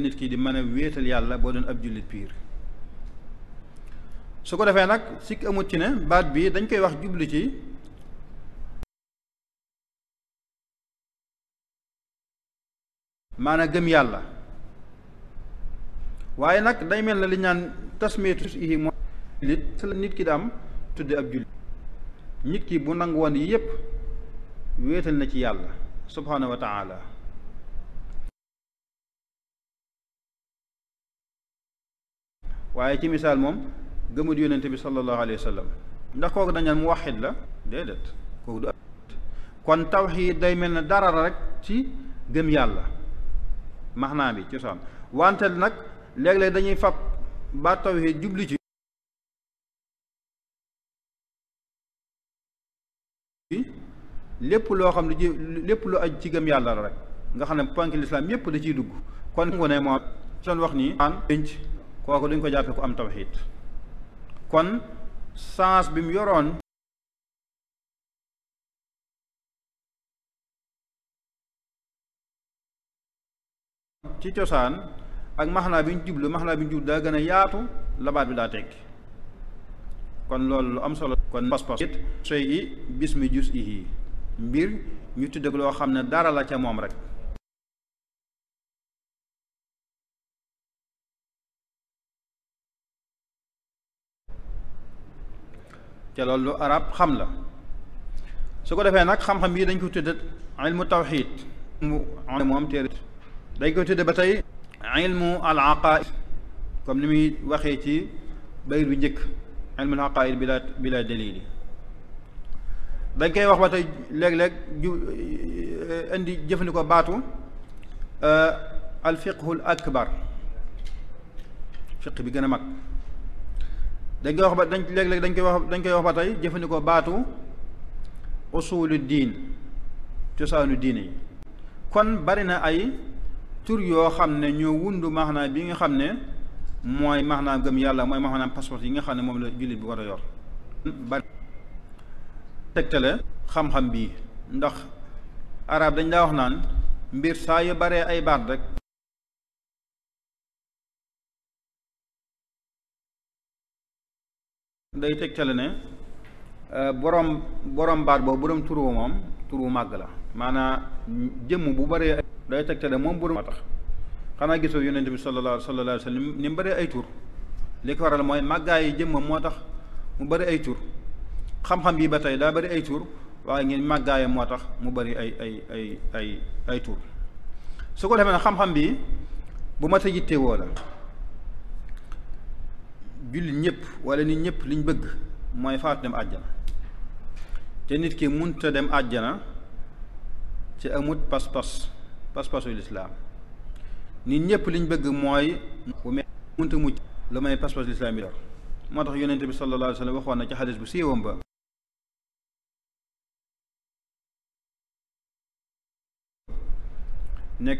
nit ki di mën a wéetal yàlla boo doon ab jullit piir su ko defee nag sikk amut ci ne baat bii dañ koy wax jublu ci maanaam gëm yàlla waaye nag day mel na li ñaan tasmeetu yi moo lit sa la nit ki daam am tudde ab jullit nit ki bu nangu woon yi yépp wéetal na ci yàlla subhaanahu wa waaye ci misaal moom gëmut yonente bi sallallahu alayhi wa ndax kooku dañu mu waxit la déedéet kooku du kon tawxiid day mel ne dara rek ci gëm yàlla maxnaa bi cosaan wante nag léeg-léeg dañuy fab ba tawxiid jubli ci lépp loo xam ne lépp lu aj ci gëm yàlla la rek nga xam ne ponk lislaam yépp da ciy dugg kon ku ne moom soon wax nii aan kooku duñ ko jàppee ku am tawxiid kon sens bi mu yoroon ci cosaan ak maxnaa biñ ñu jublu maxnaa bi ñu jublu daa gën a yaatu labaat bi daa tekki kon loolu lu am solo kon pas-pas it soy gi bis mi jus ihi mbir ñu tudde ko loo xam ne dara la ca moom rek te loolu lu arab xam la su ko defee nag xam-xam yi dañ ko tudde ilmu tawxid mu moom téere dañ ko tudde ba tey ilmu al aqaid comme ni muy waxee ci bayir bi njëkk ilmu al aqaid bila bila dalili dañ koy wax ba tey léeg-léeg ju eh, indi jëfandikoo baatu al fiqhu al bi gën a mag dañ koy wax ba dañ léeg dañ koy wax dañ koy wax ba tey jëfandikoo baatu usulu diin cosaanu diine yi kon bari na ay tur yoo xam ne ñoo wundu maax naa bi nga xam ne mooy maanaam gëm yàlla mooy maanaam passeport yi nga xam ne moom la jullit bi war a yor bari tegtale xam-xam bii ndax arab dañ daa wax naan mbir saa yu baree ay baat rek day teg tegtale ne euh, borom borom baat boobu borom turu moom turu màgg la maanaam jëmm bu bëree day tegtale moom borom moo tax xanaa gisoo yonente bi sallallahu alayhi wa sallam ni mu bëree ay tur li ko waral mooy màggaay jëmmam moo tax mu bëri ay tur xam-xam yi ba tey daa bëri ay tur waaye ngeen màggaayam moo tax mu bëri ay ay ay ay ay tur su ko defee nag xam-xam bi bu ma ta yittewoo la jullit ñëpp wala nit ñëpp liñ bëgg mooy faatu dem àjjana te nit ki munta dem àjjana ci amut pas-pas pas-pasu lislaam nit ñëpp liñ bëgg mooy munta mucc la may pas-pasu lislaam dor moo tax yonent bi sallallahu alayhi wa sallam waxoon na ci xadis bu siiwam ba ne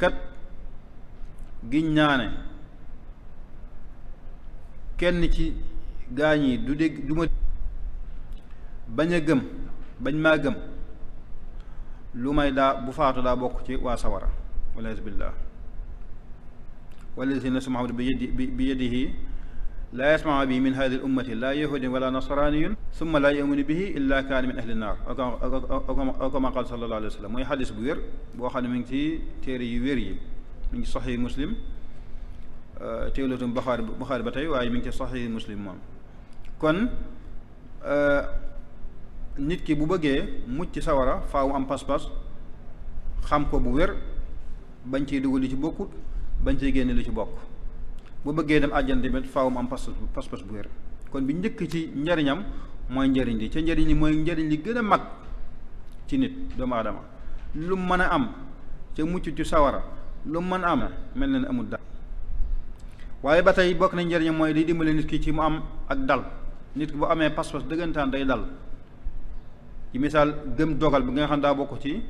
giñ naa ne kenn ci gaañ yi du dégg du ma bañ a gëm bañ maa gëm lu may daa bu faatu daa bokk ci waa sawara waliyaasu billaah wallazi nafsu Muhammad bi yadi bi yadihi laa yasmaa bihi min haadihi l laa yahudin wala nasraaniyun summa laa yuminu bihi illaa kaana min ahli naar aw kamaa qaala sallallaahu alayhi wa sallam mooy xadis bu wér boo xam ne mu ngi ci téere yu wér yi mi ngi Saxiix Muslim Euh, téewlatum Buxaari Buxaari ba tey waaye mi ngi ci saxiix muslim moom kon euh, nit ki bu bëggee mucc sawara faaw am pas-pas xam ko bu wér bañ ciy dugal lu ci bokkut bañ ciy génne lu ci bokk boo bëggee dem àjjana tamit am pas pas-pas bu wér kon bi njëkk ci njariñam mooy njariñ li ca njariñ li mooy njariñ li gën a mag ci nit doomu aadama lu mën a am ca mucc ci sawara lu mën a am mel na ni amul dara waaye ba tey bokk na njëriñam mooy day dimbale nit ki ci mu am ak dal nit ki bu amee pas-pas dëggantaan dal ci gëm dogal bi nga xam daa bokk ci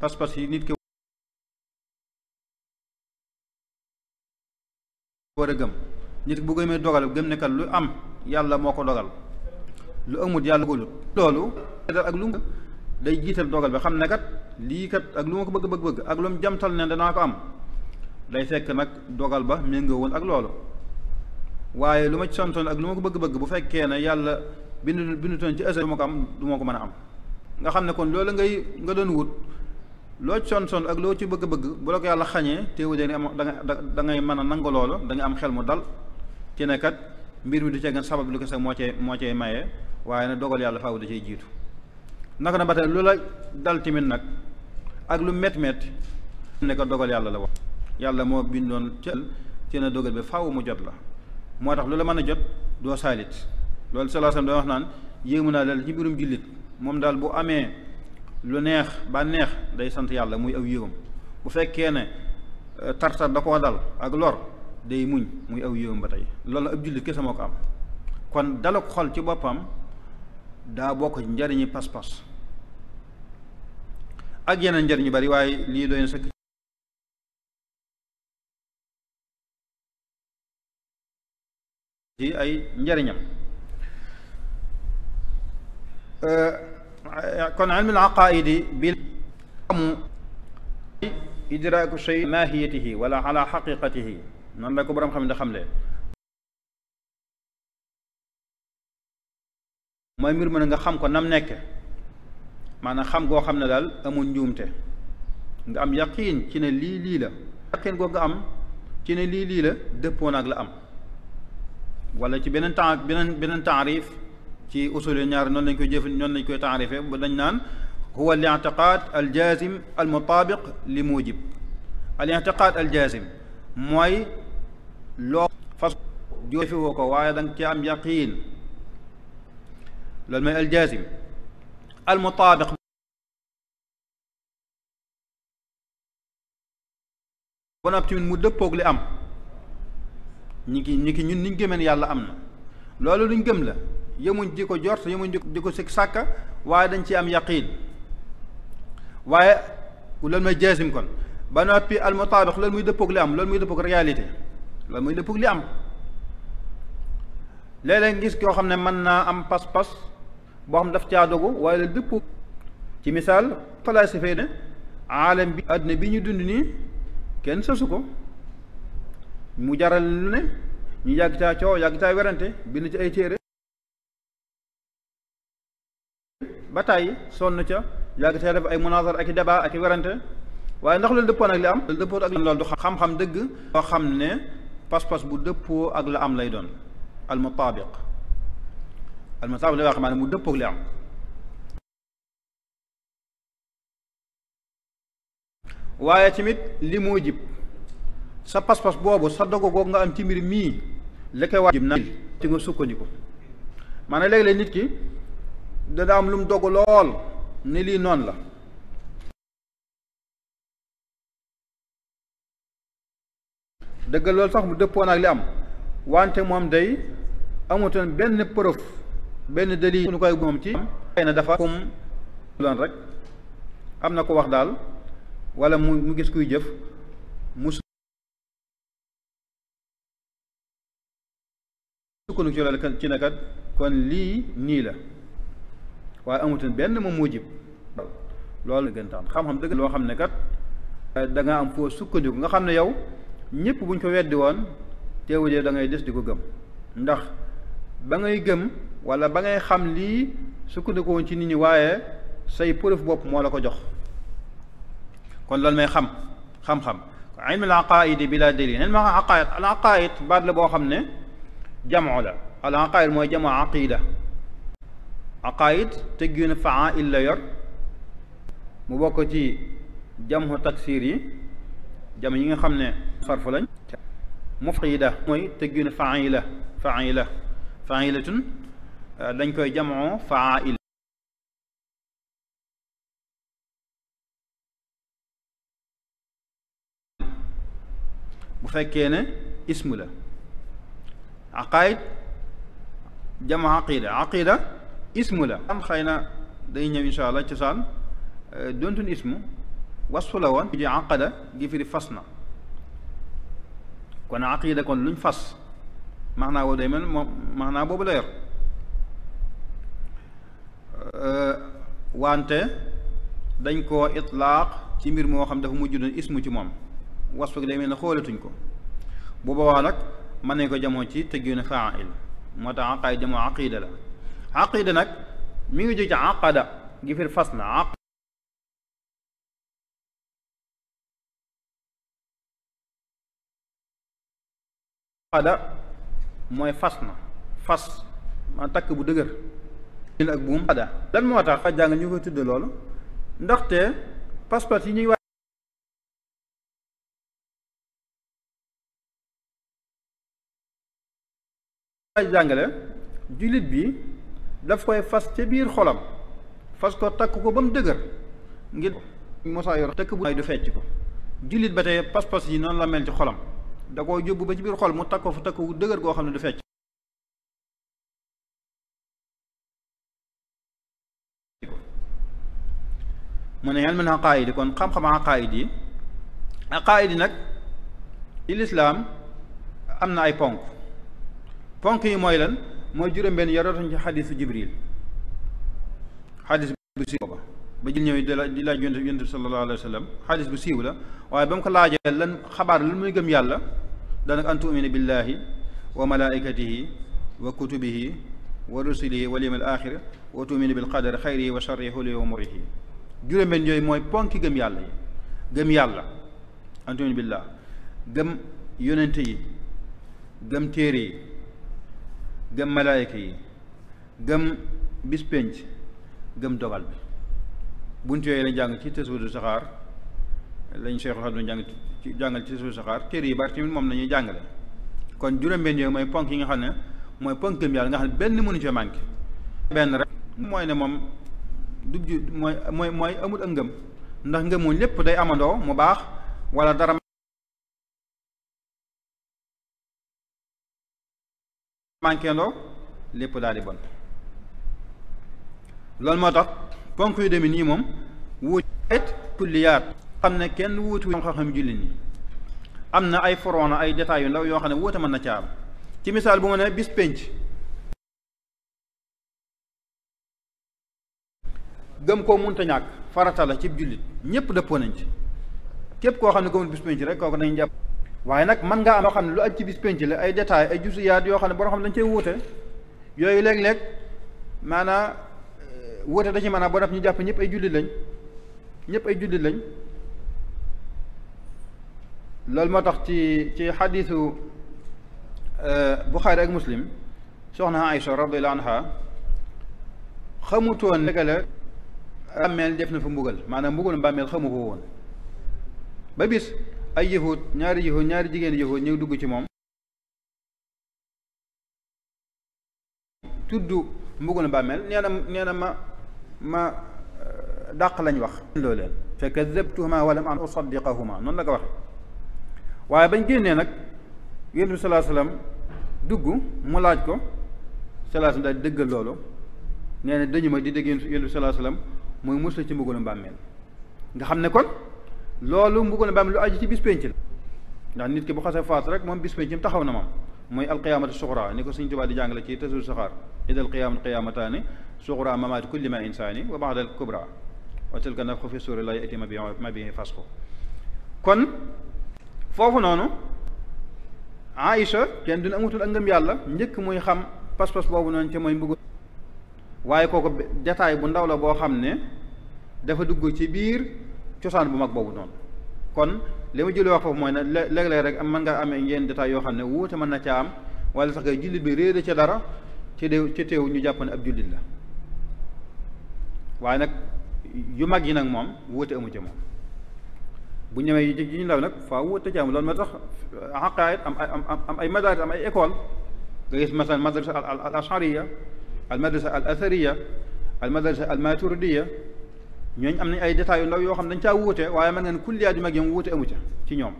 pas-pas yi nit ki war a gëm nit bu gëmee dogal gëm ne lu am yàlla moo ko dogal lu amut yàlla ko loolu ak lu day jiital dogal bi xam ne kat lii kat ak lu ma ko bëgg bëgg bëgg ak lu mu jamtal ne danaa ko am day fekk nag dogal ba méngoowul ak loolu waaye lu ma ci santoon ak lu ma ko bëgg-bëgg bu fekkee ne yàlla bindu bindutoon ci ësal du ma ko am du ma ko mën a am nga xam ne kon loolu ngay nga doon wut loo son sonson ak loo ci bëgg-bëgg bu la ko yàlla xañee teewu da am da ngay mën a nangu loolu da am xel mu dal ci ne kat mbir mi du cee gën sabab lu ko sax moo cee moo cee maye waaye nag dogal yàlla faaw da cee jiitu naka na ba tey lu la dal tamit nag ak lu met met ne ko dogal yàlla la wax yàlla moo bindoon cël ci na dogal bi faaw mu jot la moo tax lu la mën a jot doo saalit loolu salaasam da wax naan yéemu naa daal ci mbirum jullit moom daal bu amee lu neex bànneex day sant yàlla muy aw yéewam bu fekkee ne euh, tartar da ko dal ak lor day muñ muy aw yéewam ba tey loolu ab jullit kese ko am kon dalak xol ci boppam daa bokk njariñi pas-pas ak yeneen njariñ yu bari waaye lii doy na sëkk ci ay njariñam euh, kon ilmul aqaaidi bi amu idraaku shay maahiyatihi wala ala xaqiqatihi noonu la ko boroom xam nga xam ko nam nekk maanaam xam goo xam ne daal amul njuumte nga am yaqiin ci ne lii lii la yaqiin goo nga am ci ne lii lii la dëppoon ak la am wala ci beneen temps beneen beneen taarif ci usul ñaar noonu lañ koy jëf noonu lañ koy taarife ba dañ naan huwa al i'tiqaad al jaazim al mutaabiq li muujib al i'tiqaad al jaazim mooy loo fas joofi woo ko waaye da nga ci am yaqiin loolu mooy al jaazim al mutaabiq ba noppi mu dëppoog li am ñi ki ñi ki ñun niñ gëmeen yàlla am na loolu luñ gëm la yemuñ di ko jort yemuñ di ko sikk sàkka waaye dañ ci am yaqiin waaye loolu mooy jaasim kon ba noppi al mutaabiq loolu muy dëppook li am loolu muy dëppoog réalité loolu muy dëppoog li am léeg ngis koo xam ne mën naa am pas-pas boo xam daf caa dogu waaye la dëppoog ci misaal falaasifa ne aalam bi àddina bi ñu dund nii kenn sasu ko mu jaral lu ne ñu yàgg caa coow yàgg caa werante bind ci ay téere ba tàyyi sonn ca yàgg caa def ay munazar ak i débat ak i werante waaye ndax loolu dëppoon ak li am loolu dëppoo ak li am loolu dëgg loo xam ne pas bu dëppoo ak la am lay doon al mutaabiq al mutaabiq la xam ne mu dëppoo ak li am waaye tamit li moo jib sa pas-pas boobu sa dogo googu nga am ci mbir mii li koy waajib na ci nga sukkandiku maanaam léeg-léeg nit ki dana am lu mu dogu lool ni lii noon la dëgg loolu sax mu dëppoon ak li am wante moom day amutoon benn preuve benn délit ñu koy moom ci am na dafa comme loon rek am na ko wax daal walla mu mu gis kuy jëf mu sukkandiku ci loolu ci ne kat kon lii nii la waaye amutoon benn moom moo jib loolu gën tax xam-xam dëgg loo xam ne kat eh, da am foo sukkandiku nga xam ne yow ñëpp buñ ko weddi woon teewu de da ngay des di ko gëm ndax ba ngay gëm wala ba ngay xam lii sukkandiku woon ci nit ñi waaye say preuve bopp moo la ko jox kon loolu may xam xam-xam ilmul aqaidi bi la dalil ilmul aqaid al aqaid baat la boo xam ne jamoo la al aqaid mooy jamoo aqida aqaid tëggiin faa'il la yor mu bokk ci jamhu taksir yi jam yi nga xam ne sarfu lañ mufrida mooy tëggiin faa'ila faa'ila faa'ilatun euh, dañ koy jamoo faa'il bu fekkee ne ismu la aqaid jama aqida aqida ismu la am xay na day ñëw insha allah cosaan eh, dontun ismu wasfu la woon ji aqada gi firi fas na kon aqida kon luñ fas maanaa boobu maanaa boobu la yor eh, wante dañ koo itlaaq ci mbir moo xam dafa mujj doon ismu ci moom wasfu gi day mel ne xoolatuñ ko bu boobaa nag mën nañ ko jamoo ci tëggiinu faa'il moo tax aqaay jamoo aqida la aqida nag mi ngi jóg ci aqada gi fir fas la ada mooy fas na fas ma takk bu dëgër ak buum lan moo tax jàng ñu koy tudd loolu ndaxte passeport yi ñuy jàngale jullit bi daf koy fas ca biir xolam fas ko takk ko ba mu dëgër ngir mosaa yor tëkk bu ay du fecc ko jullit ba tey pas-pas yi noonu la mel ci xolam da koo yóbbu ba ci biir xol mu takk ko fa takk gu dëgër goo xam ne du fecc mu ne elmul aqaayid kon xam-xam aqaayid yi aqaayid nag ci lislaam am na ay ponk ponk yi mooy lan mooy juróom-benn yarootuñ ci xadisu jibril xadis bu siiw ba jil ñëw di laaj yonent yonent bi sallallahu alayhi bu siiw la waaye ba mu ko laajee lan xabaar lan muy gëm yàlla daanaka an tu'mina billahi wa malaikatihi wa kutubihi wa rusulihi wal yawmil axir wa tu'mina bil qadar xayrihi wa sharrihi wa umurihi juróom-benn yooyu mooy ponki gëm yàlla yi gëm yàlla an tu'mina billah gëm yonente yi gëm téere yi gëm malaayika yi gëm bis pénc gëm dogal bi bunt yooyu lañ jàng ci tasawudu saxaar lañ Seexul Xadiim jàng ci jàngal ci tasawudu saxaar téere yi bari tamit moom lañuy jàngale kon juróom-benn yooyu mooy ponk yi nga xam ne mooy ponk gëm yàlla nga xam ne benn mënu ci manqué benn rek mooy ne moom du mooy mooy mooy amul ak ngëm ndax ngëmuñ lépp day amandoo mu baax wala dara pànkeendoo lépp daal bon loolu moo tax ponk yu demee nii moom wuut et kulliyaat xam ne kenn wuutu xam-xam jullit ñi am na ay forona ay détails yu ndaw yoo xam ne wuute mën na ca ci misaal bu ma ne bis pénc gëm koo munta ñàkk farata la ci jullit ñépp dëppoo nañ ci képp koo xam ne gëmul bis pénc rek kooku nañ jàpp waaye nag mën ngaa am loo xam ne lu aj ci bis pénc la ay détails ay jusiyaat yoo xam ne a xam ne dañ cay wuute yooyu léeg-léeg maanaa euh, wuute da ci maanaam boo def ñu jàpp ñëpp ay jullit lañ ñëpp ay jullit lañ loolu moo tax ci ci xadiisu euh, Buxaari ak Muslim soxna Aïcha radiyallahu anha xamutoon ne la bàmmeel def na fa mbugal maanaam mbugal bàmmeel xamu ko woon ba bis ay yahud ñaari yahud ñaari jigéen yahud ñëw dugg ci moom tudd mbugalu bàmmeel nee na nee na ma ma euh, dàq lañ wax loo leen fa kadabtuhuma walam an usaddiqahuma noonu la ko waxe waaye bañ génnee nag yonent bi salaa dugg mu laaj ko salaa salaam daal dëggal loolu nee na dañu ma di dégg yonent bi salaa salaam muy musal ci mbugalu bàmmeel nga xam ne kon loolu mbugal mbaam lu aju ci bis la ndax nit ki bu xasee faat rek moom bis péncam taxaw na moom mooy alqiyaamatu suxra ni ko suñ Tuubaa di jàngale ci tasul saxaar ida alqiyaamatu qiyaamataani suxra mamaati kulli ma insaani wa baada al kubra wa tilka nafxu fi suuri laa yati ma bi ma bi fasxu kon foofu noonu Aïcha kenn dina amatul ak ngëm yàlla njëkk muy xam pas-pas boobu noonu ca mooy mbugal waaye kooku détail bu ndaw la boo xam ne dafa dugg ci biir cosaan bu mag boobu noonu kon li ma jëlee wax foofu mooy ne léeg-léeg rek mën ngaa amee ngeen détails yoo xam ne wuute mën na caa am wala sax kay jullit bi réere ca dara ci déew ci teew ñu jàpp ne ab jullit la waaye nag yu mag yi nag moom wuute amu ci moom bu ñëwee yi ci ñu ndaw nag faa wuute ci am loolu moo tax xaqaayit euh, ay madaris am ay école nga gis masalan madrasa al ashariya al madrasa al athariya al madrasa al maturidiya ñooñ am nañ ay détails yu ndaw yoo xam dañ caa wuute waaye mën ngeen kulliyaat yu mag yi mu wuute amu ca ci ñoom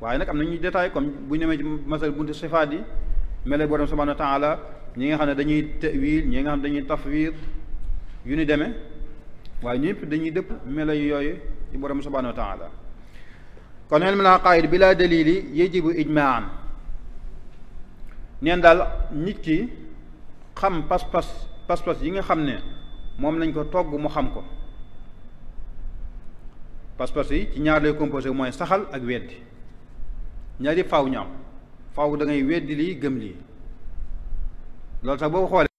waaye nag am nañu détail comme bu ñu demee ci masal buntu sifaat yi mele borom subhanahu wa taala ñi nga xam ne dañuy tawil ñi nga xam ne dañuy tafwir yu nu demee waaye ñëpp dañuy dëpp melo yooyu ci borom subhanahu wa taala kon ilmul aqaid bila dalili yajibu ijmaan neen daal nit ki xam pas-pas pas-pas yi nga xam ne moom lañ ko togg mu xam ko pas-pas yi ci ñaar lay composé mooy saxal ak weddi ñaari faaw ñu am faaw da lii gëm lii loolu sax boo xoolee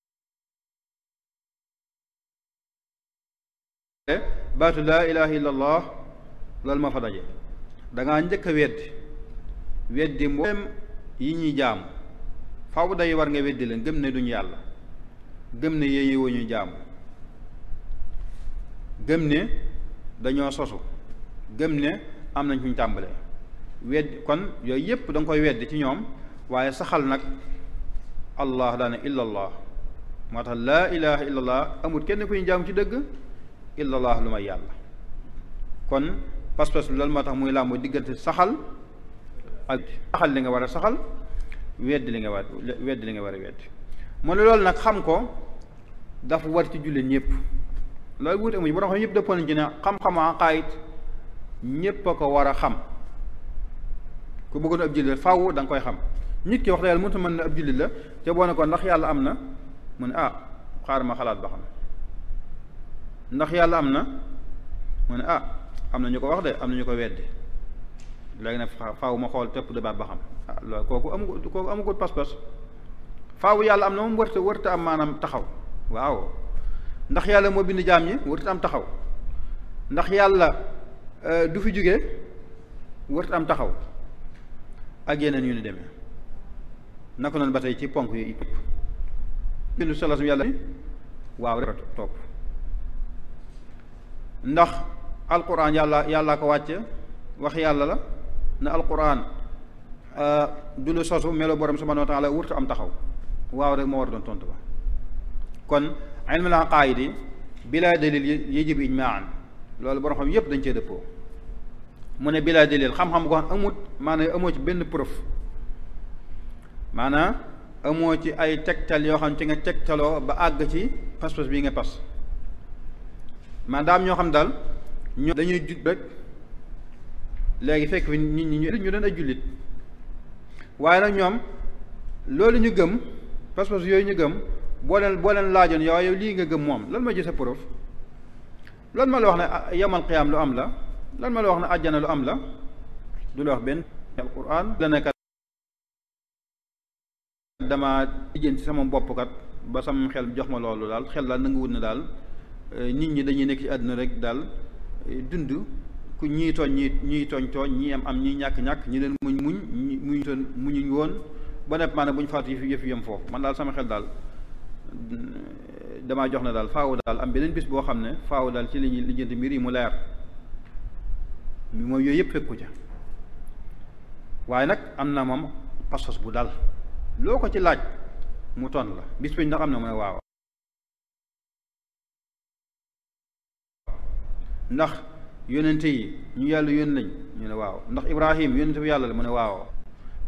baatu laa ilaha illa allah loolu ma fa daje da ngaa njëkk a weddi weddi yi ñuy jaam faaw day war nga weddi leen gëm ne duñu yàlla gëm ne yéeyi woñu jaam gëm ne dañoo sosu gëm ne am nañ fuñ tàmbalee wedd kon yooyu yépp danga koy weddi ci ñoom waaye saxal nag allah daana illallah moo tax laa ilaha illallah amul kenn kuy jaam ci dëgg illallah lu may yàlla kon pas-pas bi loolu moo tax muy làmb diggante saxal ak saxal li nga war a saxal weddi li nga war weddi li nga war a weddi mu ne loolu nag xam ko dafa war ci jullit ñëpp loolu wuute amuñu borom xam ñëpp dëppoo ci ne xam-xamu aqaayid ñépp a ko war a xam ku bëggoon ab jullit faaw da nga koy xam nit ki wax dëgg yàlla mënut mën na ab jullit la te boo ko ndax yàlla am na mu ne a ah, xaar ma xalaat ba xam ndax yàlla am na mu ne a ah, am na ñu ko wax de am na ñu ko wedde léegi nag faw ma xool tepp de baat ba xam ah loolu kooku amu kooku amagul pas-pas faaw yàlla am na moom wërta wërta am maanaam taxaw waaw ndax yàlla moo bind jaam yi wërta am taxaw ndax yàlla. Euh, du fi jógee warut am taxaw ak yeneen yu ni demee naka noonu ba tey ci ponk yi topp bindu solasum yàlla ni ndax alquran yàlla yàllaa ko wàcce wax yàlla la na alquran euh, du lu sosu melo borom subhanahu wa taala am taxaw waaw rek doon tontu ba loolu borom xam yëpp dañ cee dëppoo mu ne bilaa dalil xam-xam ko xam amut maanaam amoo ci benn preuve maanaam amoo ci ay tegtal yoo xam ci nga tegtaloo ba àgg ci pas-pas bii nga pas man daam ñoo xam daal ñoo dañuy jut rek léegi fekk fi ñu ñi ñu doon ay jullit waaye nag ñoom loolu ñu gëm pas-pas yooyu ñu gëm boo booleen laajoon yow yow lii nga gëm moom lan ma gis sa preuve lan ma la wax ne ah, yamal qiyaam lu am la lan ma la wax ne àjjana lu am la du la wax benn alquran la nekkat dama jigéen ci sama bopp ba sama xel jox ma loolu daal xel la nangu nanguwut na daal eh, nit ñi dañuy nekk ci àdduna rek daal eh, dund ku ñii tooñ ñi ñii tooñ tooñ ñii am am ñii ñàkk-ñàkk ñi leen muñ muñ muñ muñuñ woon ba nepp maanaam bu ñu faatu yëf yom yem foofu man daal sama xel daal damaa jox na daal faaw daal am beneen bis boo xam ne faaw daal ci li ñuy lijjanti mbir yi mu leer moom yooyu yëpp fekku ca waaye nag am na moom pasos bu dal loo ko ci laaj mu ton la bis bi ndax am na mu ne waaw ndax yi ñu yàlla yón lañ ñu ne waaw ndax ibrahim yónente bu yàlla la mu ne waaw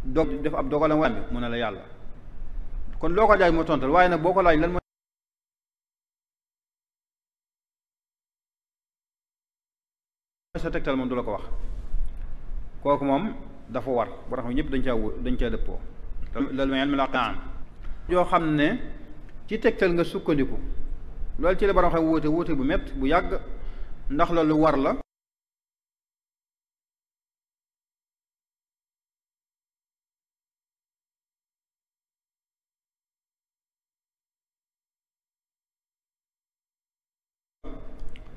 dog def ab dogalam mu ne la yàlla kon loo ko laaj mu tontal waaye nag boo ko laaj lan sa tegtal moom du la ko wax kooku moom dafa war boo tax dañ caa dañ caa dëppoo loolu mooy elmi laqaan yoo xam ne ci tegtal nga sukkandiku loolu ci la borom xam wuute bu métt bu yàgg ndax la loolu war la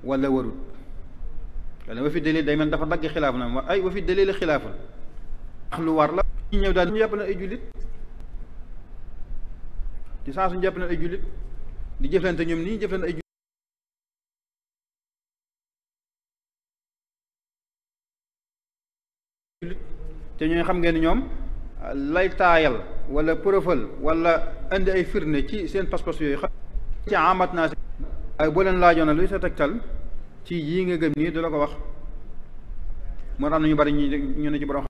wala warut wala wa fi dalil day mel dagg xilaaf na ay wa fi dalil xilaafun lu war la ñëw daal ñu jàpp ay jullit ci na ay jullit di jëflante ñoom nii jëflante ay jullit te ñooy xam ngeen ñoom laytaayal taayal wala profil wala indi ay firnde ci seen pas-pas yooyu xam ci amat naa si waaye boo leen laajoona luy sa tegtal ci yii nga gëm nii du la ko wax moo tax nañu bari ñu ne ci borom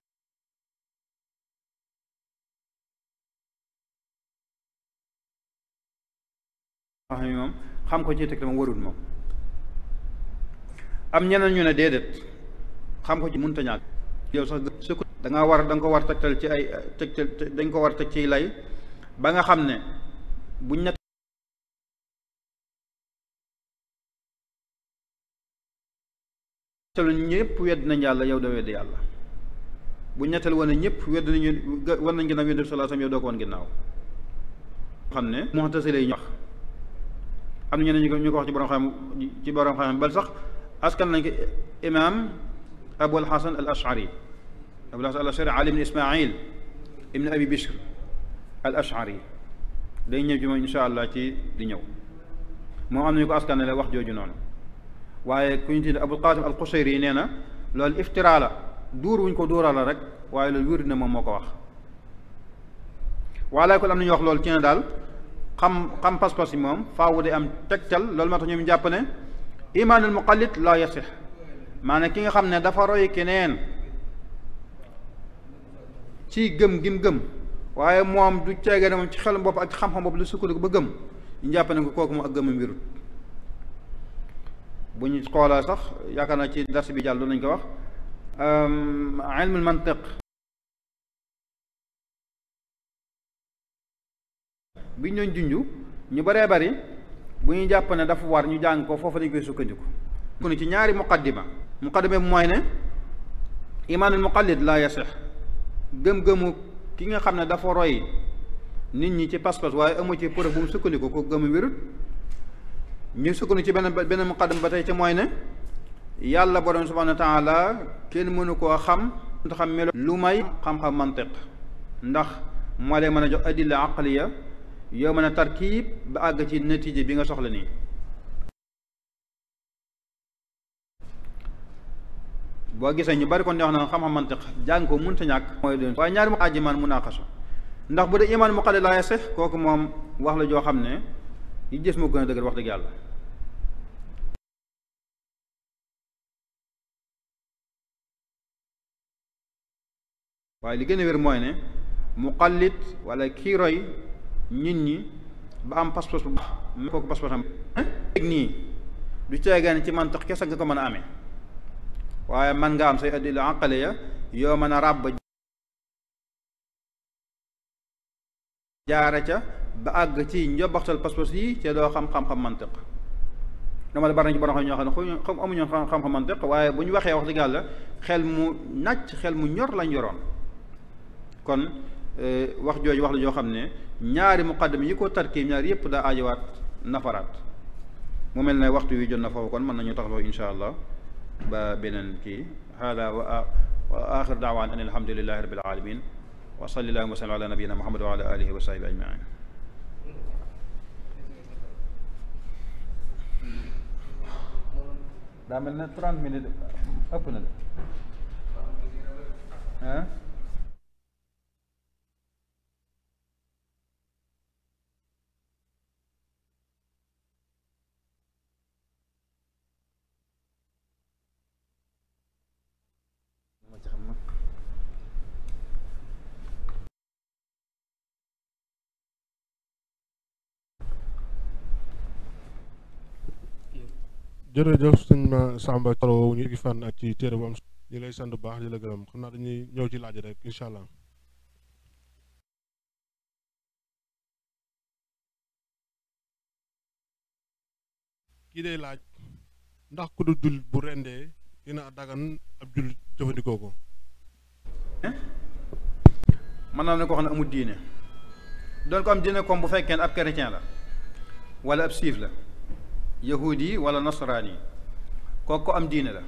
xam moom xam ko ci teg dama warul moom am ñeneen ñu ne déedéet xam ko ci mënta ñàkk yow sax su ko da nga war da nga ko war tegtal ci ay tegtal dañ ko war teg ciy lay ba nga xam ne buñ telu ñëpp wedd nañ yàlla yow doo wedd yàlla bu ñettal woon ñëpp wedd nañu war nañ ginnaaw yonent bi sallallahu alayhi wasallam yow doo ko woon ginnaaw xam ne mu'tazila yi ñu wax am na ñeneen ko wax ci borom xam ci borom xam bal sax askan lañ ko imaam Abul Hasan al Ash'ari Abul Hasan al Ash'ari Ali ibn Ismaïl ibn Abi Bishr al Ash'ari day ñëw ci moom insha allah ci di ñëw moom am nañu ko askan la wax jooju noonu waaye ku ñu tuddee Abul Qasim al Qushayri yi nee na loolu iftiraa la duur wuñ ko duura la rek waaye loolu wér na moom moo ko wax waalaay ko am na ñu wax loolu ci ne daal xam xam pas-pas moom faawu de am tegtal loolu ma tax ñoom jàpp ne imaanul muqallid laa yasix maanaam ki nga xam ne dafa roy keneen ci gëm gim gëm waaye moom du ceegee moom ci xel bopp ak xam-xam bopp lu sukkandiku ba gëm ñu jàpp ne ko kooku moom ak gëmam wérut bu ñu xoolaa sax yaakaar naa ci dars bi jàll loolu lañu ko wax euh, ilmul mantiq bi ñu doon junju ñu baree bari bu ñu jàpp ne dafa war ñu jàng ko foofu dañ koy sukkandiku ku ci ñaari muqaddima muqaddima bi mooy ne imaanul muqallid laa yasix gëm-gëmu ki nga xam ne dafa roy nit ñi ci pas waaye amu ci preuve bu mu sukkandiku ko gëmu wérut ñu sukkandu ci benn benn muqaddam ba tey ci mooy ne yàlla borom subhaanahu wa taala kenn mënu koo xam ndax xam melo lu may xam-xam mantiq ndax moo leen mën a jox adilla aqliya yoo mën a tarkiib ba àgg ci natiija bi nga soxla nii boo gisee ñu bari kon ne wax na xam-xam mantiq jàng ko mënta ñàkk mooy doon waaye ñaari mu ajimaan munaqasha ndax bu dee imaan muqaddal laa yasex kooku moom wax la joo xam ne yi gis mu gën a dëgër wax dëgg yàlla waaye li gën a wér mooy ne muqallit wala kii roy nit ñi ba am pas-pas bu baax même kooku pas-pasam nii du ceegaane ci man kes kese nga ko mën a amee waaye man nga am say adil àqale ya yoo mën a ràbb jaare ca ba àgg ci njobaxtal pas-pas yi te xam xam-xam mantiq dama la bari na ci borom xam ñoo xam ne xam amuñu xam-xam mantiq waaye bu ñu waxee wax dëgg yàlla xel mu nàcc xel mu ñor lañ yoroon kon euh, wax jooju wax la joo xam ne ñaari muqaddam yi ko tarkiib ñaari yëpp daa aajowaat nafaraat mu mel ne waxtu wi jot na foofu kon mën nañu taxloo insha allah ba beneen kii hada wa axir daawaan an alhamdulilahi rabbil alamin wa salli allahuma wa sallam ala nabiyina muhammad wa ala alihi wa sahbi ajmain daa mel ne trente minutes ëpp na de jërëjëf sëñ ma Samba Karo ñu ngi fan ak ci téere bu am ñu lay sant bu baax di la gërëm xam naa dañuy ñëw ci laaj rek incha allah. kii day laaj ndax ku du jullit bu rendee dina dagan ab jullit jëfandikoo ko. mën naa ne ko xam ne amul diine doon ko am diine comme bu fekkee ne ab chrétien la wala ab siif la. yahuud yi wala nasaraan yi kooku am diine la